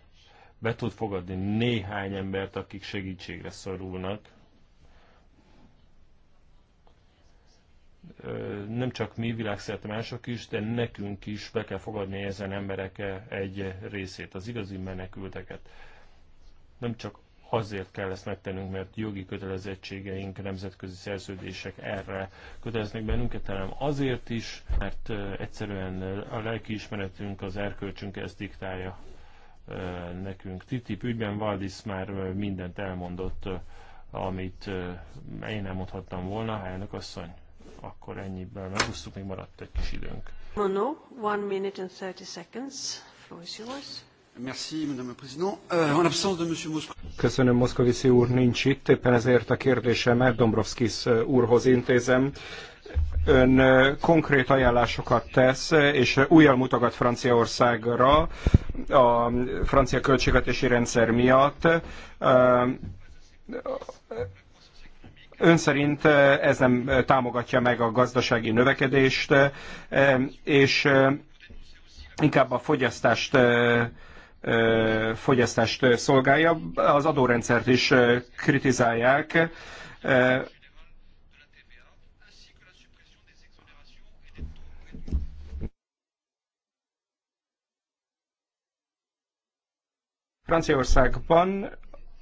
be tud fogadni néhány embert, akik segítségre szorulnak. Nem csak mi, világszerte mások is, de nekünk is be kell fogadni ezen emberek egy részét, az igazi menekülteket. Nem csak azért kell ezt megtennünk, mert jogi kötelezettségeink, nemzetközi szerződések erre köteleznek bennünket, hanem azért is, mert egyszerűen a lelkiismeretünk, az erkölcsünk ezt diktálja nekünk. TTIP ügyben Valdis már mindent elmondott, amit én nem mondhattam volna, elnök asszony. Akkor ennyiben megúsztuk, még maradt egy kis időnk. Mono, one minute and 30 seconds. Floor is yours. Euh, Köszönöm, Moszkovici úr nincs itt, éppen ezért a kérdésemet Dombrovskis úrhoz intézem. Ön konkrét ajánlásokat tesz, és újjal mutogat Franciaországra a francia költségvetési rendszer miatt. Ön szerint ez nem támogatja meg a gazdasági növekedést, és inkább a fogyasztást fogyasztást szolgálja. Az adórendszert is kritizálják. Franciaországban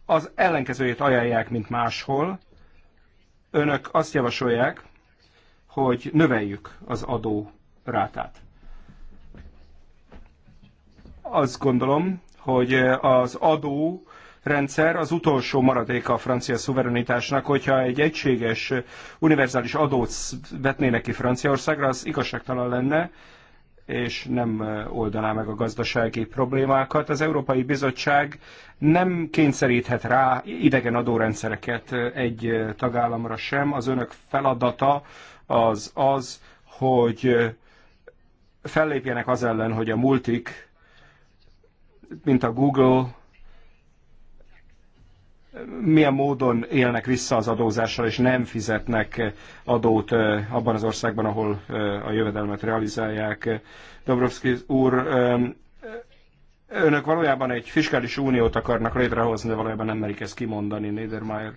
az ellenkezőjét ajánlják, mint máshol. Önök azt javasolják, hogy növeljük az adó rátát azt gondolom, hogy eh, az adó rendszer az utolsó maradéka a francia szuverenitásnak, hogyha egy egységes, eh, univerzális adót vetnének ki Franciaországra, az igazságtalan lenne, és nem eh, oldaná meg a gazdasági problémákat. Az Európai Bizottság nem kényszeríthet rá idegen adórendszereket egy tagállamra sem. Az önök feladata az az, hogy fellépjenek az ellen, hogy a multik mint a Google, milyen módon élnek vissza az adózással, és nem fizetnek adót abban az országban, ahol a jövedelmet realizálják. Dobrovszki úr, önök valójában egy fiskális uniót akarnak létrehozni, de valójában nem merik ezt kimondani, Niedermayer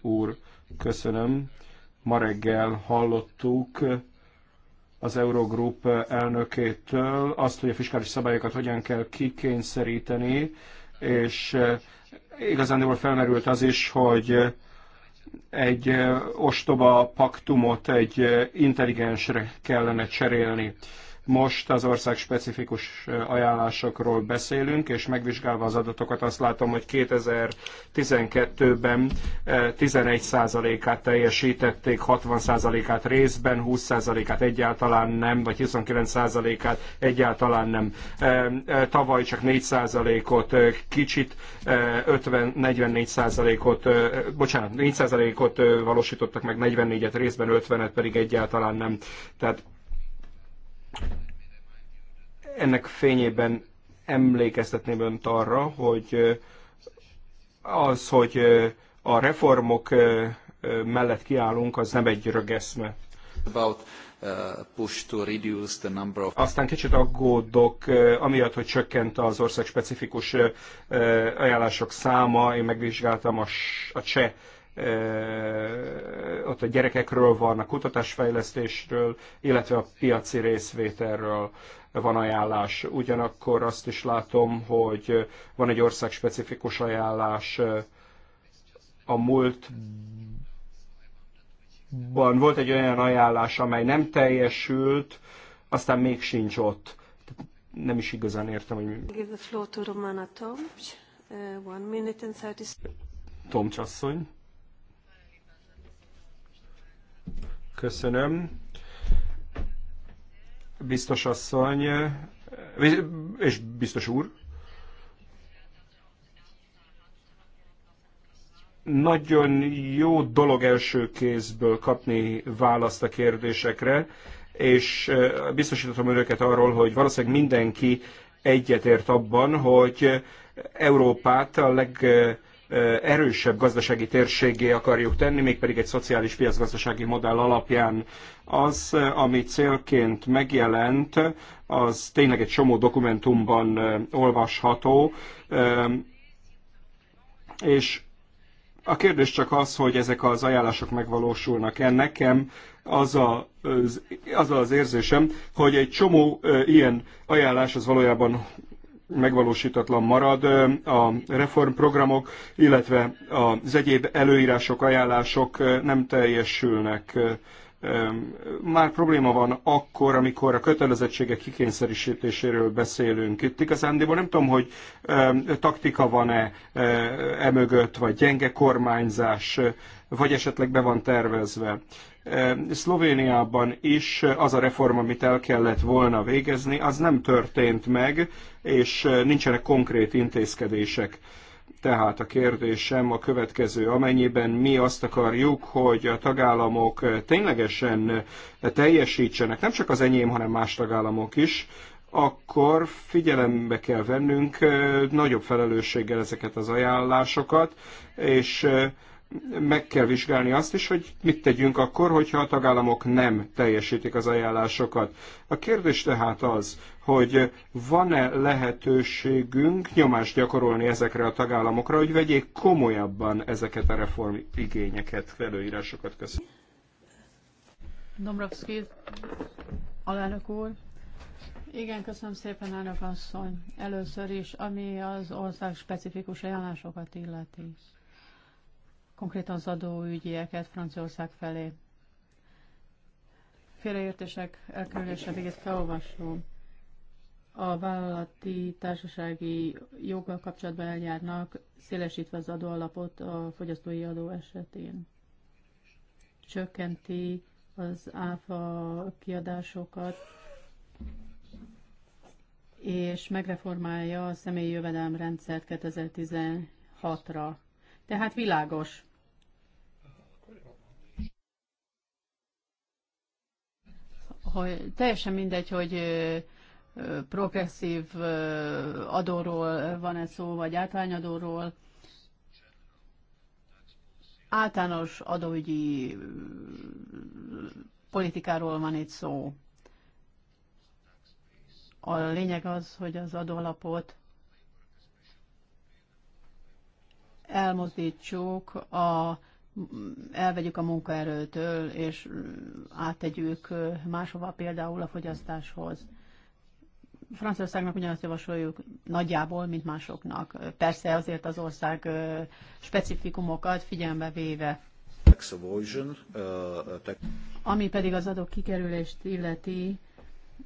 úr. Köszönöm. Ma reggel hallottuk az Eurogroup elnökétől azt, hogy a fiskális szabályokat hogyan kell kikényszeríteni, és eh, igazándiból felmerült az is, hogy egy eh, ostoba paktumot egy eh, intelligensre kellene cserélni. Most az ország specifikus ajánlásokról beszélünk, és megvizsgálva az adatokat azt látom, hogy 2012-ben 11%-át teljesítették, 60%-át részben, 20%-át egyáltalán nem, vagy 29%-át egyáltalán nem. Tavaly csak 4%-ot kicsit, 50-44%-ot, bocsánat, 4%-ot valósítottak meg, 44-et részben, 50-et pedig egyáltalán nem. Tehát ennek fényében emlékeztetném önt arra, hogy az, hogy a reformok mellett kiállunk, az nem egy rögeszme. About uh, push to reduce the number of... Aztán kicsit aggódok, amiatt, hogy csökkent az ország specifikus ajánlások száma, én megvizsgáltam a, a cseh ott a gyerekekről van, a kutatásfejlesztésről, illetve a piaci részvételről van ajánlás. Ugyanakkor azt is látom, hogy van egy országspecifikus ajánlás a múlt van, volt egy olyan ajánlás, amely nem teljesült, aztán még sincs ott. Nem is igazán értem, hogy... Give the floor to Romana Tomcs. Uh, one minute and 30... Tomcs asszony. Köszönöm. Biztos asszony, és biztos úr. Nagyon jó dolog első kézből kapni választ a kérdésekre, és biztosítottam önöket arról, hogy valószínűleg mindenki egyetért abban, hogy Európát a leg erősebb gazdasági térségé akarjuk tenni, mégpedig egy szociális piacgazdasági modell alapján. Az, ami célként megjelent, az tényleg egy csomó dokumentumban olvasható, és a kérdés csak az, hogy ezek az ajánlások megvalósulnak-e. Nekem az a, az, az, az érzésem, hogy egy csomó ilyen ajánlás az valójában megvalósítatlan marad a reformprogramok, illetve az egyéb előírások, ajánlások nem teljesülnek. Már probléma van akkor, amikor a kötelezettségek kikényszerítéséről beszélünk. Itt igazándiból nem tudom, hogy taktika van-e emögött, vagy gyenge kormányzás, vagy esetleg be van tervezve. Eh, Szlovéniában is az a reform, amit el kellett volna végezni, az nem történt meg, és eh, nincsenek konkrét intézkedések. Tehát a kérdésem a következő, amennyiben mi azt akarjuk, hogy a tagállamok eh, ténylegesen teljesítsenek, nem csak az enyém, hanem más tagállamok is, akkor figyelembe kell vennünk nagyobb felelősséggel ezeket az ajánlásokat, és meg kell vizsgálni azt is, hogy mit tegyünk akkor, hogyha a tagállamok nem teljesítik az ajánlásokat. A kérdés tehát az, hogy van-e lehetőségünk nyomást gyakorolni ezekre a tagállamokra, hogy vegyék komolyabban ezeket a reform igényeket, felőírásokat. Köszönöm. Dombrovszki, alelnök úr. Igen, köszönöm szépen, elnök asszony. Először is, ami az ország specifikus ajánlásokat illeti konkrétan az adóügyieket Franciaország felé. Félreértések elkerülése végét felolvasom. A vállalati társasági joggal kapcsolatban eljárnak, szélesítve az adóalapot a fogyasztói adó esetén. Csökkenti az áfa kiadásokat, és megreformálja a személyi jövedelmrendszert 2016-ra. Tehát világos, hogy teljesen mindegy, hogy progresszív adóról van ez szó, vagy általányadóról, általános adóügyi politikáról van itt szó. A lényeg az, hogy az adólapot elmozdítsuk a elvegyük a munkaerőtől, és áttegyük máshova, például a fogyasztáshoz. Franciaországnak ugyanazt javasoljuk nagyjából, mint másoknak. Persze azért az ország specifikumokat figyelembe véve. Ami pedig az adók kikerülést illeti,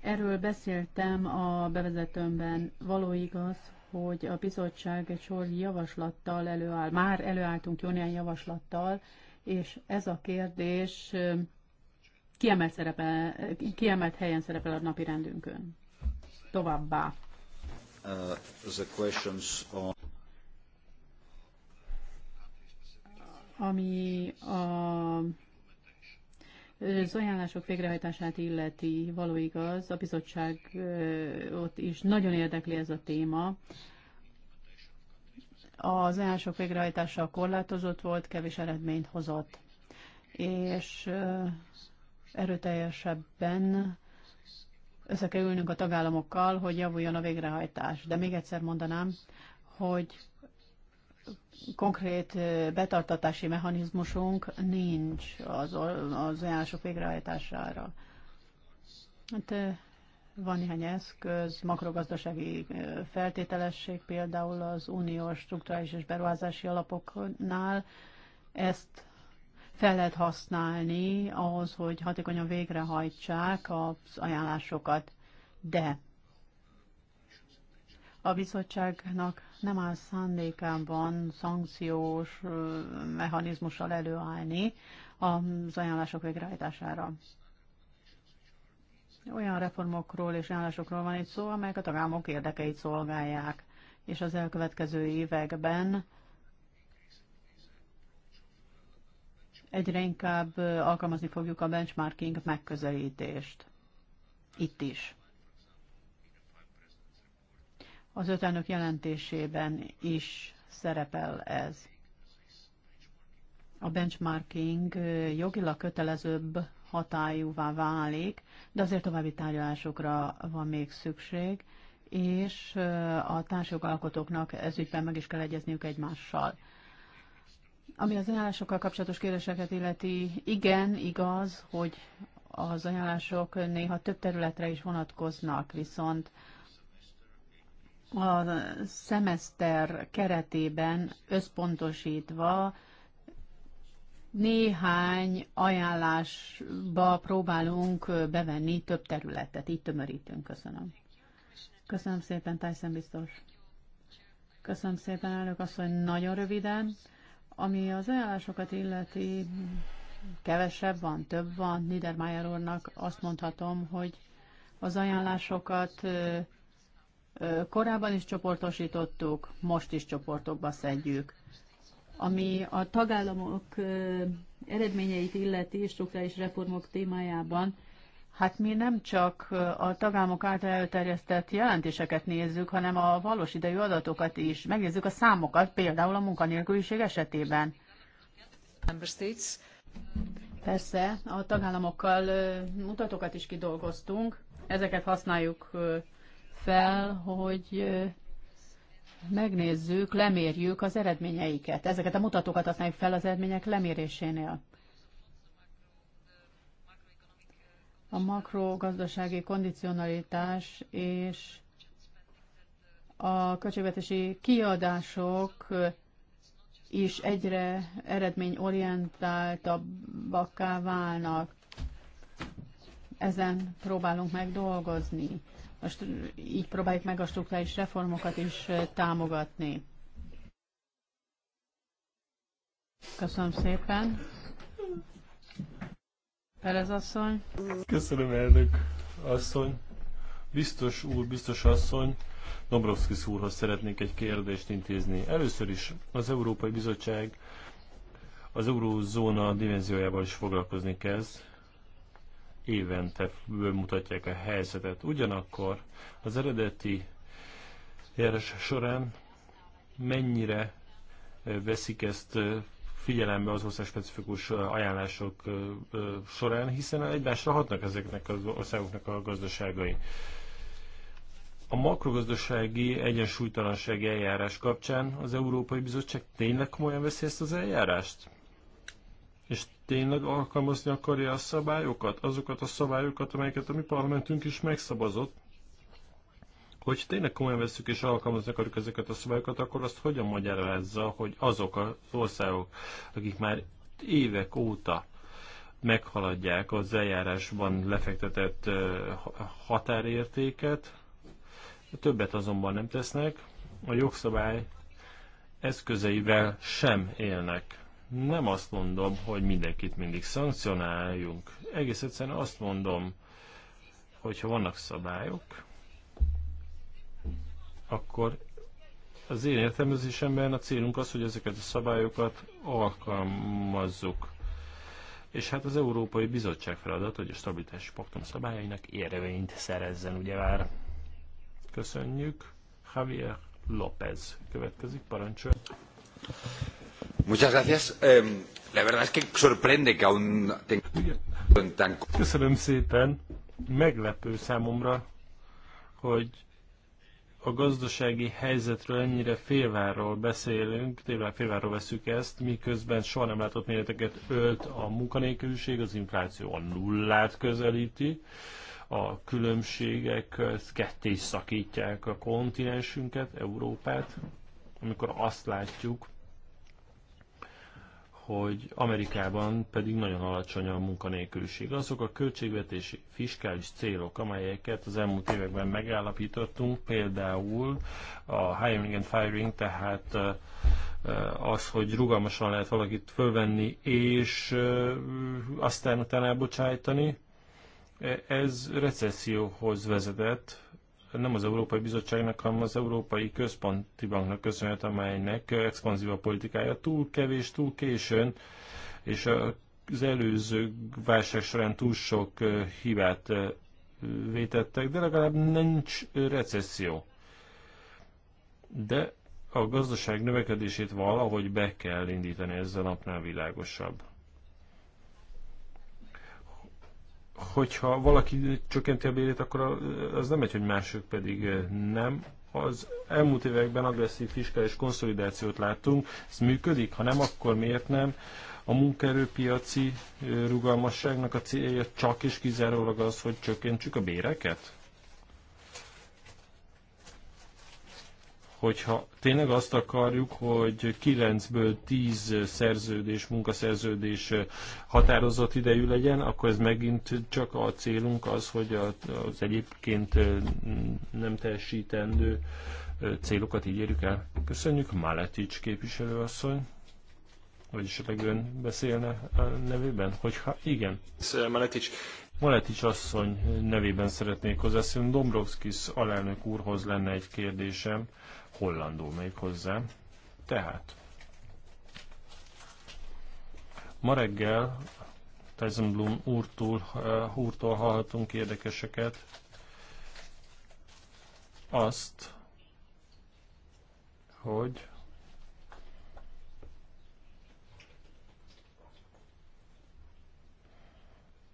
erről beszéltem a bevezetőmben. Való igaz, hogy a bizottság egy sor javaslattal előáll. Már előálltunk jó néhány javaslattal, és ez a kérdés kiemelt, szerepel, kiemelt helyen szerepel a napi rendünkön. Továbbá. Uh, the questions on... Ami a az ajánlások végrehajtását illeti való igaz, a bizottság ott is nagyon érdekli ez a téma. Az ajánlások végrehajtása korlátozott volt, kevés eredményt hozott, és erőteljesebben össze kell ülnünk a tagállamokkal, hogy javuljon a végrehajtás. De még egyszer mondanám, hogy konkrét betartatási mechanizmusunk nincs az, az ajánlások végrehajtására. Hát van néhány eszköz, makrogazdasági feltételesség például az uniós strukturális és beruházási alapoknál. Ezt fel lehet használni ahhoz, hogy hatékonyan végrehajtsák az ajánlásokat. De a bizottságnak nem áll szándékában szankciós mechanizmussal előállni az ajánlások végrehajtására. Olyan reformokról és ajánlásokról van itt szó, amelyek a tagállamok érdekeit szolgálják, és az elkövetkező években egyre inkább alkalmazni fogjuk a benchmarking megközelítést. Itt is. Az öt jelentésében is szerepel ez. A benchmarking jogilag kötelezőbb hatályúvá válik, de azért további tárgyalásokra van még szükség, és a társjogalkotóknak ezügyben meg is kell egyezniük egymással. Ami az ajánlásokkal kapcsolatos kérdéseket illeti, igen, igaz, hogy az ajánlások néha több területre is vonatkoznak, viszont a szemeszter keretében összpontosítva néhány ajánlásba próbálunk bevenni több területet. Így tömörítünk. Köszönöm. Köszönöm szépen, Tyson biztos. Köszönöm szépen, elnök asszony. Nagyon röviden. Ami az ajánlásokat illeti, kevesebb van, több van. Niedermayer úrnak azt mondhatom, hogy az ajánlásokat Korábban is csoportosítottuk, most is csoportokba szedjük. Ami a tagállamok eredményeit illeti struktúrális reformok témájában, hát mi nem csak a tagállamok által elterjesztett jelentéseket nézzük, hanem a valós idejű adatokat is. Megnézzük a számokat, például a munkanélküliség esetében. Persze, a tagállamokkal mutatókat is kidolgoztunk, ezeket használjuk fel, hogy megnézzük, lemérjük az eredményeiket. Ezeket a mutatókat használjuk fel az eredmények lemérésénél. A makrogazdasági kondicionalitás és a költségvetési kiadások is egyre eredményorientáltabbakká válnak. Ezen próbálunk meg dolgozni. Most így próbáljuk meg a struktúrális reformokat is támogatni. Köszönöm szépen. Perez asszony. Köszönöm, elnök asszony. Biztos úr, biztos asszony, Dombrovskis úrhoz szeretnék egy kérdést intézni. Először is az Európai Bizottság az eurózóna dimenziójával is foglalkozni kezd, évente mutatják a helyzetet. Ugyanakkor az eredeti járás során mennyire veszik ezt figyelembe az ország specifikus ajánlások során, hiszen egymásra hatnak ezeknek az országoknak a gazdaságai. A makrogazdasági egyensúlytalanság eljárás kapcsán az Európai Bizottság tényleg komolyan veszi ezt az eljárást? És tényleg alkalmazni akarja a szabályokat, azokat a szabályokat, amelyeket a mi parlamentünk is megszabazott, hogy tényleg komolyan veszük és alkalmazni akarjuk ezeket a szabályokat, akkor azt hogyan magyarázza, hogy azok az országok, akik már évek óta meghaladják az eljárásban lefektetett határértéket, többet azonban nem tesznek, a jogszabály eszközeivel sem élnek nem azt mondom, hogy mindenkit mindig szankcionáljunk. Egész egyszerűen azt mondom, hogyha vannak szabályok, akkor az én értelmezésemben a célunk az, hogy ezeket a szabályokat alkalmazzuk. És hát az Európai Bizottság feladat, hogy a stabilitási paktum szabályainak érvényt szerezzen, ugye vár. Köszönjük. Javier López következik, parancsol. Muchas gracias. La verdad es que sorprende que aún Köszönöm szépen. Meglepő számomra, hogy a gazdasági helyzetről ennyire félvárral beszélünk, tényleg félvárról veszük ezt, miközben soha nem látott méreteket ölt a munkanélküliség, az infláció a nullát közelíti, a különbségek ketté szakítják a kontinensünket, Európát, amikor azt látjuk, hogy Amerikában pedig nagyon alacsony a munkanélküliség. Azok a költségvetési fiskális célok, amelyeket az elmúlt években megállapítottunk, például a hiring and firing, tehát az, hogy rugalmasan lehet valakit fölvenni és aztán utána elbocsájtani, ez recesszióhoz vezetett, nem az Európai Bizottságnak, hanem az Európai Központi Banknak köszönhet, amelynek expanzív a politikája túl kevés, túl későn, és az előző válság során túl sok hibát vétettek, de legalább nincs recesszió. De a gazdaság növekedését valahogy be kell indítani, ezzel a napnál világosabb. hogyha valaki csökkenti a bérét, akkor az nem egy, hogy mások pedig nem. Az elmúlt években agresszív fiskális konszolidációt láttunk, ez működik, ha nem, akkor miért nem? A munkaerőpiaci rugalmasságnak a célja csak és kizárólag az, hogy csökkentsük a béreket? hogyha tényleg azt akarjuk, hogy 9-ből 10 szerződés, munkaszerződés határozott idejű legyen, akkor ez megint csak a célunk az, hogy az egyébként nem teljesítendő célokat így érjük el. Köszönjük, Maletics képviselőasszony. Vagy esetleg ön beszélne a nevében? Hogyha igen. Uh, Maletics, Maletics asszony nevében szeretnék hozzászólni. Dombrovskis alelnök úrhoz lenne egy kérdésem hollandul még hozzá. Tehát, ma reggel Tezenblum úrtól, eh, úrtól hallhatunk érdekeseket. Azt, hogy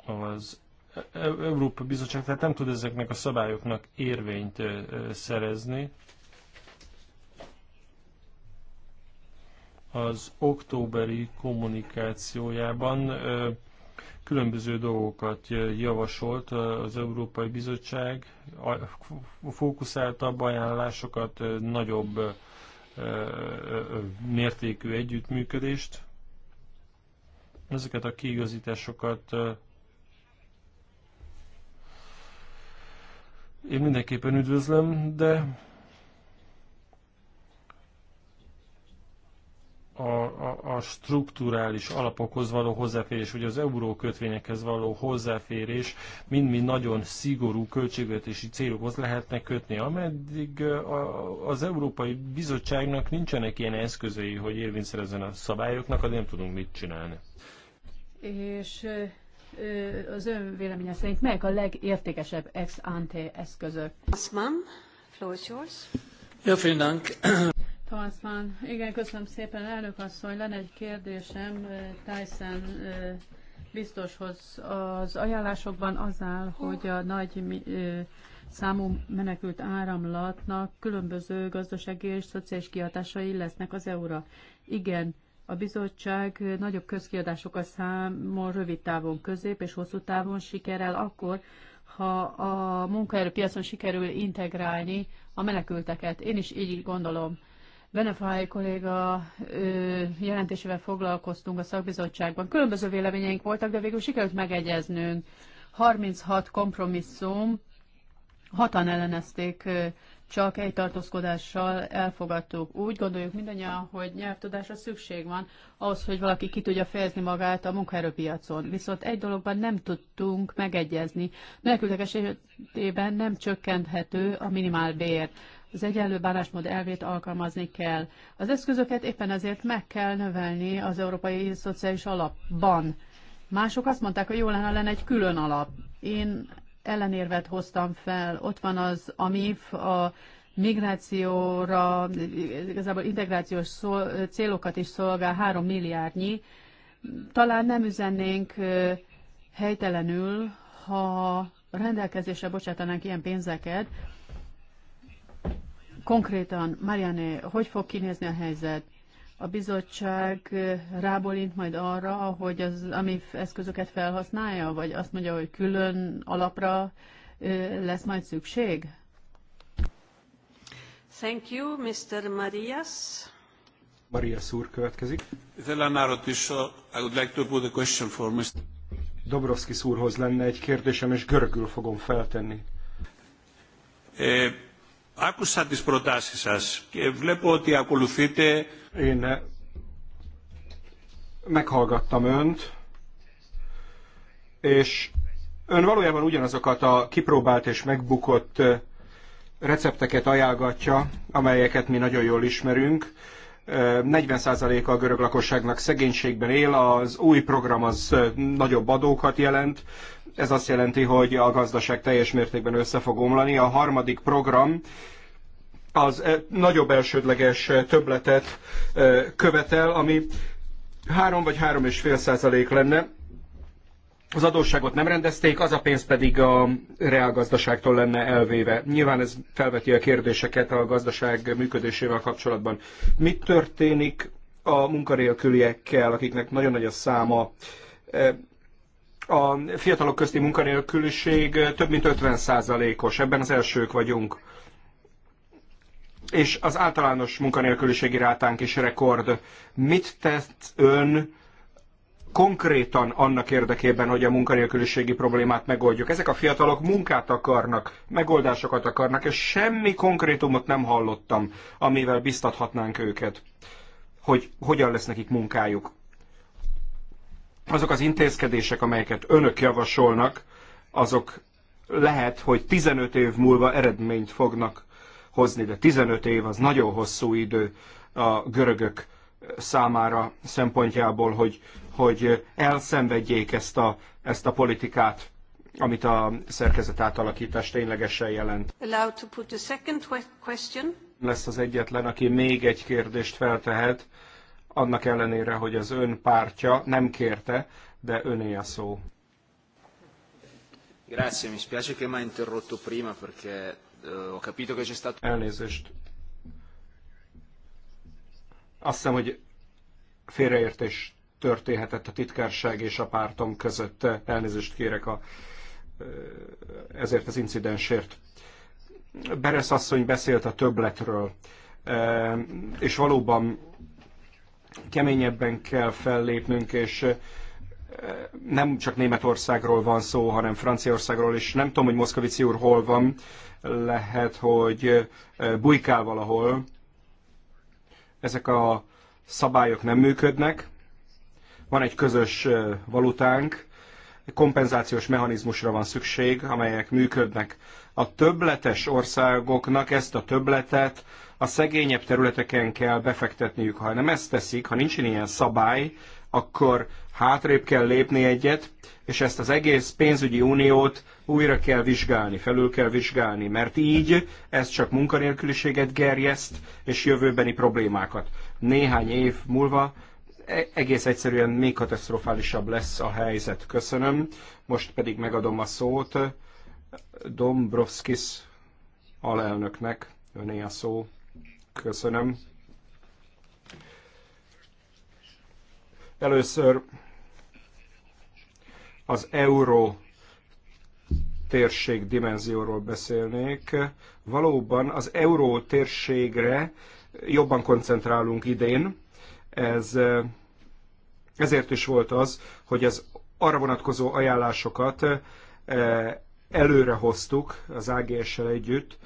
az Európa Bizottság tehát nem tud ezeknek a szabályoknak érvényt eh, eh, szerezni, az októberi kommunikációjában különböző dolgokat javasolt az Európai Bizottság, fókuszáltabb ajánlásokat, nagyobb mértékű együttműködést. Ezeket a kiigazításokat én mindenképpen üdvözlöm, de a, a, a strukturális alapokhoz való hozzáférés, vagy az eurókötvényekhez való hozzáférés mind-mind nagyon szigorú költségvetési célokhoz lehetne kötni, ameddig a, az Európai Bizottságnak nincsenek ilyen eszközei, hogy érvényt szerezzen a szabályoknak, addig nem tudunk mit csinálni. És az ön véleménye szerint melyek a legértékesebb ex ante eszközök? Asman, floor is yours. Ja, vielen Dank. Panszman. Igen, köszönöm szépen, elnök asszony. Lenne egy kérdésem eh, Tyson eh, biztoshoz. Az ajánlásokban az áll, hogy a nagy eh, számú menekült áramlatnak különböző gazdasági és szociális kihatásai lesznek az eu Igen, a bizottság nagyobb közkiadásokat számol rövid távon, közép és hosszú távon sikerel akkor, ha a munkaerőpiacon sikerül integrálni a menekülteket. Én is így gondolom. Benefáj kolléga jelentésével foglalkoztunk a szakbizottságban. Különböző véleményeink voltak, de végül sikerült megegyeznünk. 36 kompromisszum, hatan ellenezték, csak egy tartózkodással elfogadtuk. Úgy gondoljuk mindannyian, hogy nyelvtudásra szükség van ahhoz, hogy valaki ki tudja fejezni magát a munkaerőpiacon. Viszont egy dologban nem tudtunk megegyezni. Menekültek esetében nem csökkenthető a minimálbér az egyenlő bánásmód elvét alkalmazni kell. Az eszközöket éppen ezért meg kell növelni az Európai Szociális Alapban. Mások azt mondták, hogy jó lenne, lenne egy külön alap. Én ellenérvet hoztam fel. Ott van az AMIF, a migrációra, igazából integrációs szol, célokat is szolgál, három milliárdnyi. Talán nem üzennénk helytelenül, ha rendelkezésre bocsátanánk ilyen pénzeket, konkrétan, Marianne, hogy fog kinézni a helyzet? A bizottság rábólint majd arra, hogy az AMIF eszközöket felhasználja, vagy azt mondja, hogy külön alapra lesz majd szükség? Thank you, Mr. Marias. Marias úr következik. I would like to put a question for Mr. Dobrovskis úrhoz lenne egy kérdésem, és görögül fogom feltenni. Uh, Άκουσα τις προτάσεις σας και βλέπω ότι ακολουθείτε... Én meghallgattam önt, és ön valójában ugyanazokat a kipróbált és megbukott recepteket ajánlgatja, amelyeket mi nagyon jól ismerünk. 40%-a a görög lakosságnak szegénységben él, az új program az nagyobb adókat jelent, ez azt jelenti, hogy a gazdaság teljes mértékben össze fog omlani. A harmadik program az nagyobb elsődleges többletet követel, ami 3 vagy 3,5 százalék lenne, az adósságot nem rendezték, az a pénz pedig a reálgazdaságtól lenne elvéve. Nyilván ez felveti a kérdéseket a gazdaság működésével kapcsolatban. Mit történik a munkanélküliekkel, akiknek nagyon nagy a száma? A fiatalok közti munkanélküliség több mint 50 os ebben az elsők vagyunk. És az általános munkanélküliségi rátánk is rekord. Mit tett ön konkrétan annak érdekében, hogy a munkanélküliségi problémát megoldjuk. Ezek a fiatalok munkát akarnak, megoldásokat akarnak, és semmi konkrétumot nem hallottam, amivel biztathatnánk őket, hogy hogyan lesz nekik munkájuk. Azok az intézkedések, amelyeket önök javasolnak, azok lehet, hogy 15 év múlva eredményt fognak hozni, de 15 év az nagyon hosszú idő a görögök számára szempontjából, hogy, hogy elszenvedjék ezt a, ezt a politikát, amit a szerkezet átalakítás ténylegesen jelent. Lesz az egyetlen, aki még egy kérdést feltehet, annak ellenére, hogy az ön pártja nem kérte, de öné a szó. Grazie, mi spiace che mi ha interrotto prima perché eh, ho capito che c'è stato... Elnézést, azt hiszem, hogy félreértés történhetett a titkárság és a pártom között. Elnézést kérek a, ezért az incidensért. Beres asszony beszélt a többletről, és valóban keményebben kell fellépnünk, és nem csak Németországról van szó, hanem Franciaországról is. Nem tudom, hogy Moszkovici úr hol van, lehet, hogy bujkál valahol, ezek a szabályok nem működnek, van egy közös valutánk, kompenzációs mechanizmusra van szükség, amelyek működnek. A többletes országoknak ezt a többletet a szegényebb területeken kell befektetniük. Ha nem ezt teszik, ha nincs ilyen szabály, akkor hátrébb kell lépni egyet, és ezt az egész pénzügyi uniót újra kell vizsgálni, felül kell vizsgálni, mert így ez csak munkanélküliséget gerjeszt, és jövőbeni problémákat. Néhány év múlva e- egész egyszerűen még katasztrofálisabb lesz a helyzet. Köszönöm. Most pedig megadom a szót Dombrovskis alelnöknek. Öné a szó. Köszönöm. Először az euró térség dimenzióról beszélnék. Valóban az euró térségre jobban koncentrálunk idén. Ez, ezért is volt az, hogy az arra vonatkozó ajánlásokat eh, előre hoztuk az AGS-sel együtt,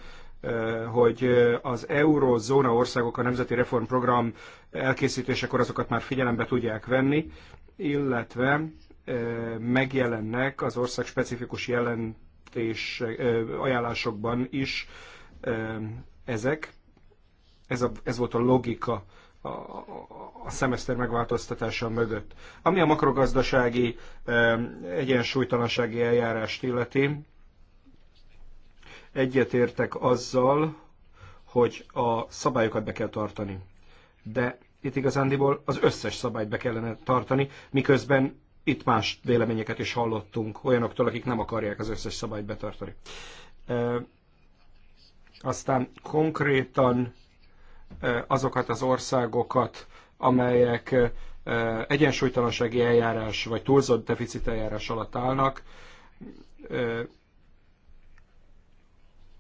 hogy az eurozóna országok a Nemzeti Reformprogram elkészítésekor azokat már figyelembe tudják venni, illetve megjelennek az ország specifikus jelentés ajánlásokban is ezek. Ez, a, ez volt a logika a, a, a szemeszter megváltoztatása mögött. Ami a makrogazdasági egyensúlytalansági eljárást illeti, egyetértek azzal, hogy a szabályokat be kell tartani. De itt igazándiból az összes szabályt be kellene tartani, miközben itt más véleményeket is hallottunk olyanoktól, akik nem akarják az összes szabályt betartani. E, aztán konkrétan e, azokat az országokat, amelyek e, egyensúlytalansági eljárás vagy túlzott deficit eljárás alatt állnak, e,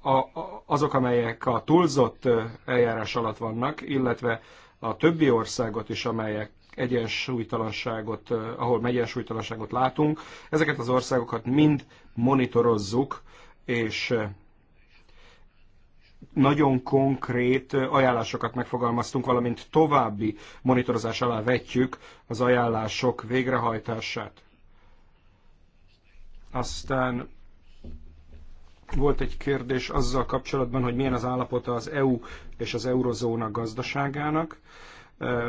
a, azok, amelyek a túlzott eljárás alatt vannak, illetve a többi országot is, amelyek egyensúlytalanságot, ahol egyensúlytalanságot látunk, ezeket az országokat mind monitorozzuk, és nagyon konkrét ajánlásokat megfogalmaztunk, valamint további monitorozás alá vetjük az ajánlások végrehajtását. Aztán volt egy kérdés azzal kapcsolatban, hogy milyen az állapota az EU és az eurozóna gazdaságának.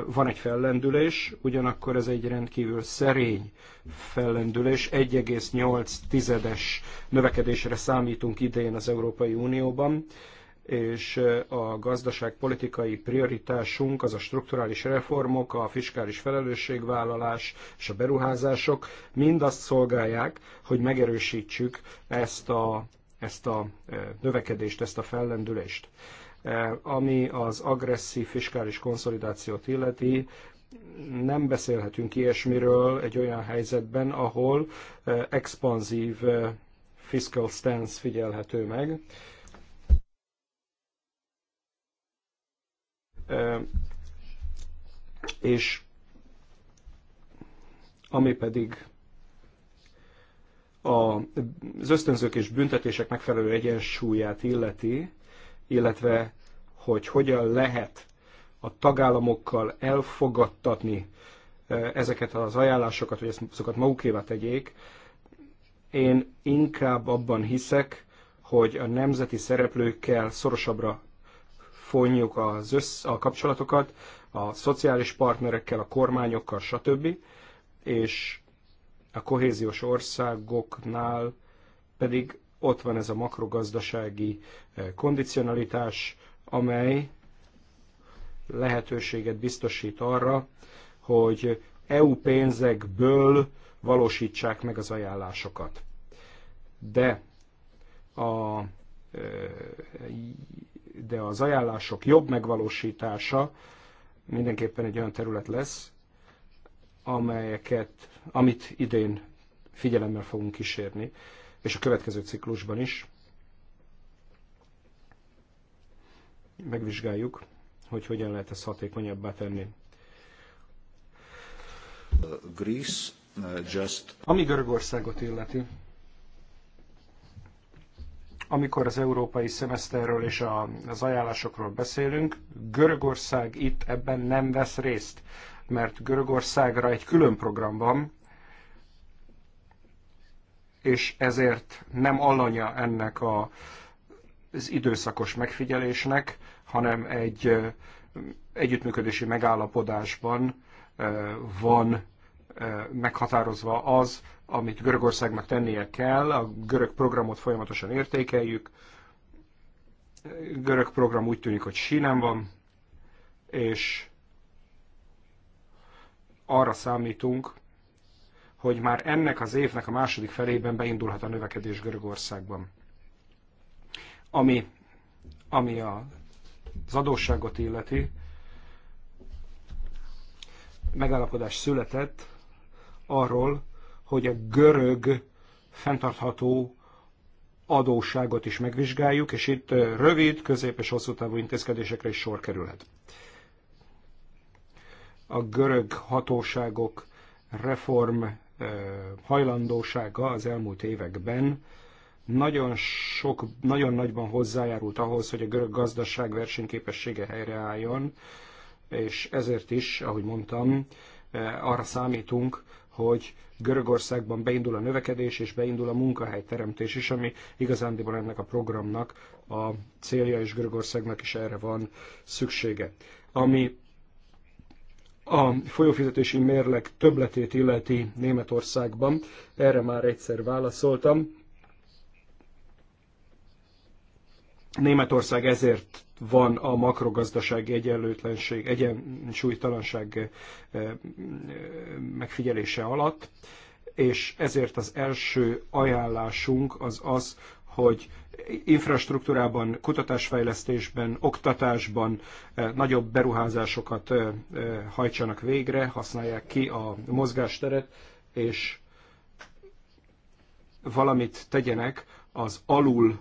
Van egy fellendülés, ugyanakkor ez egy rendkívül szerény fellendülés. 1,8 tizedes növekedésre számítunk idén az Európai Unióban és a gazdaságpolitikai prioritásunk az a strukturális reformok, a fiskális felelősségvállalás és a beruházások mind azt szolgálják, hogy megerősítsük ezt a ezt a e, növekedést, ezt a fellendülést. E, ami az agresszív fiskális konszolidációt illeti, nem beszélhetünk ilyesmiről egy olyan helyzetben, ahol e, expanzív fiscal stance figyelhető meg. És ami pedig az ösztönzők és büntetések megfelelő egyensúlyát illeti, illetve hogy hogyan lehet a tagállamokkal elfogadtatni e, ezeket az ajánlásokat, hogy szokat magukévá tegyék, én inkább abban hiszek, hogy a nemzeti szereplőkkel szorosabbra fonjuk az össz, a kapcsolatokat, a szociális partnerekkel, a kormányokkal, stb. És a kohéziós országoknál pedig ott van ez a makrogazdasági e, kondicionalitás, amely lehetőséget biztosít arra, hogy EU pénzekből valósítsák meg az ajánlásokat. De a e, de az ajánlások jobb megvalósítása mindenképpen egy olyan terület lesz, amelyeket, amit idén figyelemmel fogunk kísérni, és a következő ciklusban is megvizsgáljuk, hogy hogyan lehet ezt hatékonyabbá tenni. Greece, uh, just... Ami Görögországot illeti, amikor az európai szemeszterről és az ajánlásokról beszélünk, Görögország itt ebben nem vesz részt mert Görögországra egy külön program van, és ezért nem alanya ennek a, az időszakos megfigyelésnek, hanem egy együttműködési megállapodásban van meghatározva az, amit Görögországnak tennie kell, a görög programot folyamatosan értékeljük. Görög program úgy tűnik, hogy sínen van, és arra számítunk, hogy már ennek az évnek a második felében beindulhat a növekedés Görögországban. Ami, ami a, az adósságot illeti, megállapodás született arról, hogy a görög fenntartható adósságot is megvizsgáljuk, és itt rövid, közép és hosszú távú intézkedésekre is sor kerülhet a görög hatóságok reform eh, hajlandósága az elmúlt években nagyon sok, nagyon nagyban hozzájárult ahhoz, hogy a görög gazdaság versenyképessége helyreálljon, és ezért is, ahogy mondtam, eh, arra számítunk, hogy Görögországban beindul a növekedés és beindul a munkahelyteremtés is, ami igazándiból ennek a programnak a célja, és Görögországnak is erre van szüksége. Ami a folyófizetési mérleg töbletét illeti Németországban. Erre már egyszer válaszoltam. Németország ezért van a makrogazdasági egyenlőtlenség, egyensúlytalanság eh, eh, megfigyelése alatt, és ezért az első ajánlásunk az az, hogy infrastruktúrában, kutatásfejlesztésben, oktatásban eh, nagyobb beruházásokat eh, eh, hajtsanak végre, használják ki a mozgásteret, és valamit tegyenek az alul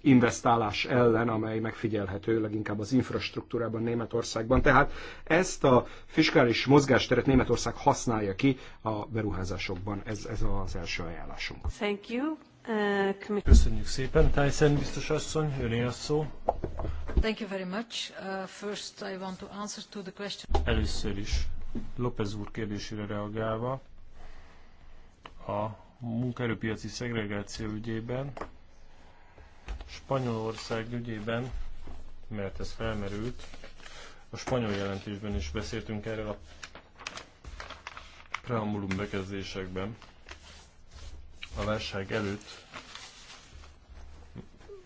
investálás ellen, amely megfigyelhető leginkább az infrastruktúrában Németországban. Tehát ezt a fiskális mozgásteret Németország használja ki a beruházásokban. Ez, ez az első ajánlásunk. Thank you. Köszönjük szépen, Tyson biztos asszony, öné a szó. Thank you very much. Uh, first I want to answer to the question. Először is López úr kérdésére reagálva a munkaerőpiaci szegregáció ügyében, Spanyolország ügyében, mert ez felmerült, a spanyol jelentésben is beszéltünk erről a preambulum bekezdésekben a válság előtt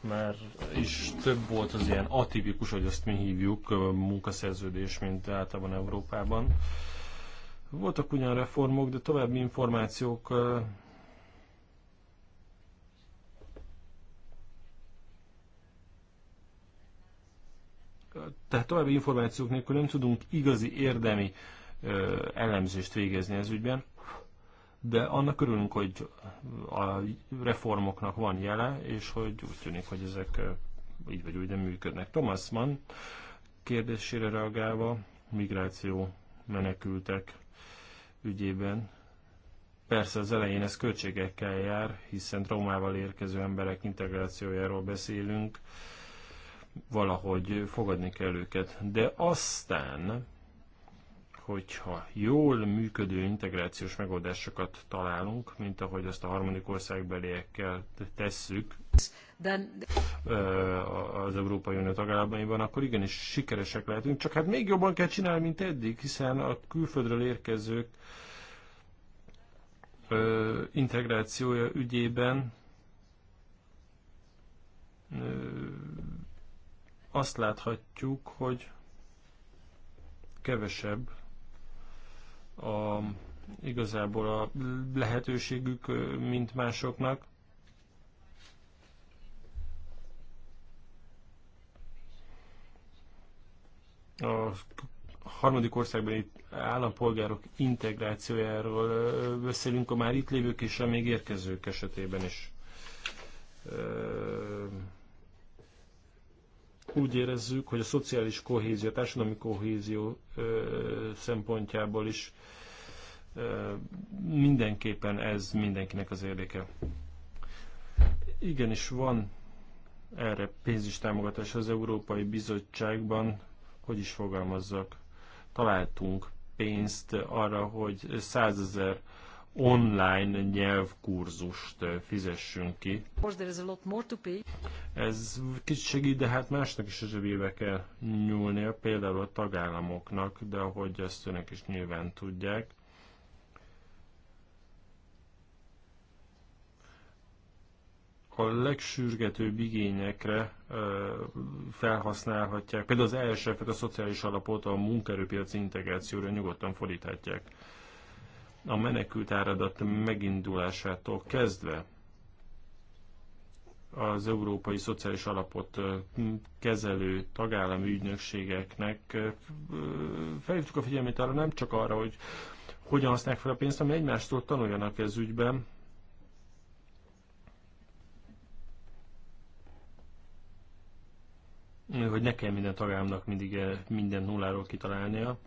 már is több volt az ilyen atipikus, hogy azt mi hívjuk, munkaszerződés, mint általában Európában. Voltak ugyan reformok, de további információk tehát további információk nélkül nem tudunk igazi érdemi elemzést végezni ez ügyben de annak örülünk, hogy a reformoknak van jele, és hogy úgy tűnik, hogy ezek így vagy úgy nem működnek. Thomas Mann kérdésére reagálva, migráció menekültek ügyében. Persze az elején ez költségekkel jár, hiszen traumával érkező emberek integrációjáról beszélünk, valahogy fogadni kell őket. De aztán hogyha jól működő integrációs megoldásokat találunk, mint ahogy azt a harmadik országbeliekkel tesszük az Európai Unió tagállamaiban, akkor igenis sikeresek lehetünk, csak hát még jobban kell csinálni, mint eddig, hiszen a külföldről érkezők integrációja ügyében azt láthatjuk, hogy kevesebb a, igazából a lehetőségük, mint másoknak. A harmadik országban állampolgárok integrációjáról beszélünk a már itt lévők és a még érkezők esetében is. Ö úgy érezzük, hogy a szociális kohézió, a társadalmi kohézió ö, szempontjából is ö, mindenképpen ez mindenkinek az érdeke. Igenis van erre pénz is támogatás az Európai Bizottságban, hogy is fogalmazzak. Találtunk pénzt arra, hogy százezer online nyelvkurzust eh, fizessünk ki. Ez kicsit segít, de hát másnak is a zsebébe kell nyúlnia, például a tagállamoknak, de ahogy azt önök is nyilván tudják, a legsürgetőbb igényekre eh, felhasználhatják. Például az ESF-et, a szociális alapot a munkaerőpiaci integrációra nyugodtan fordíthatják a menekült áradat megindulásától kezdve az Európai Szociális Alapot kezelő tagállami ügynökségeknek felhívtuk a figyelmét arra nem csak arra, hogy hogyan használják fel a pénzt, hanem egymástól tanuljanak ez ügyben, hogy ne kell minden tagállamnak mindig minden nulláról kitalálnia.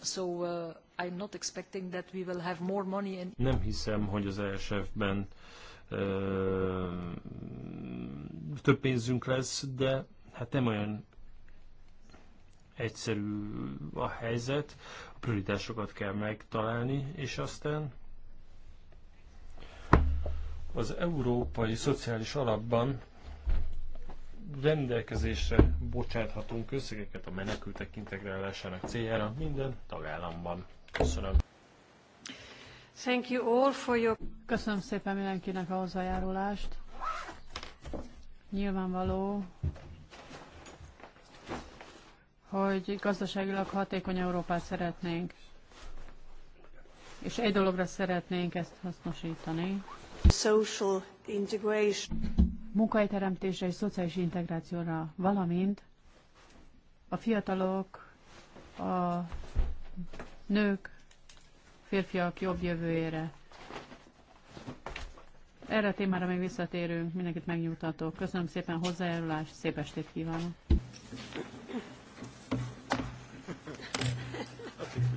So uh, I'm not expecting that we will have more money in... Nem hiszem, hogy az ESF-ben uh, több pénzünk lesz, de hát nem olyan egyszerű a helyzet, a prioritásokat kell megtalálni, és aztán az Európai Szociális Alapban rendelkezésre bocsáthatunk összegeket a menekültek integrálásának céljára minden tagállamban. Köszönöm. Thank you all for your... Köszönöm szépen mindenkinek a hozzájárulást. Nyilvánvaló, hogy gazdaságilag hatékony Európát szeretnénk. És egy dologra szeretnénk ezt hasznosítani. Social integration munkahelyteremtésre és szociális integrációra, valamint a fiatalok, a nők, férfiak jobb jövőjére. Erre a témára még visszatérünk, mindenkit megnyugtatok. Köszönöm szépen a hozzájárulást, szép estét kívánok!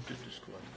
Köszönöm.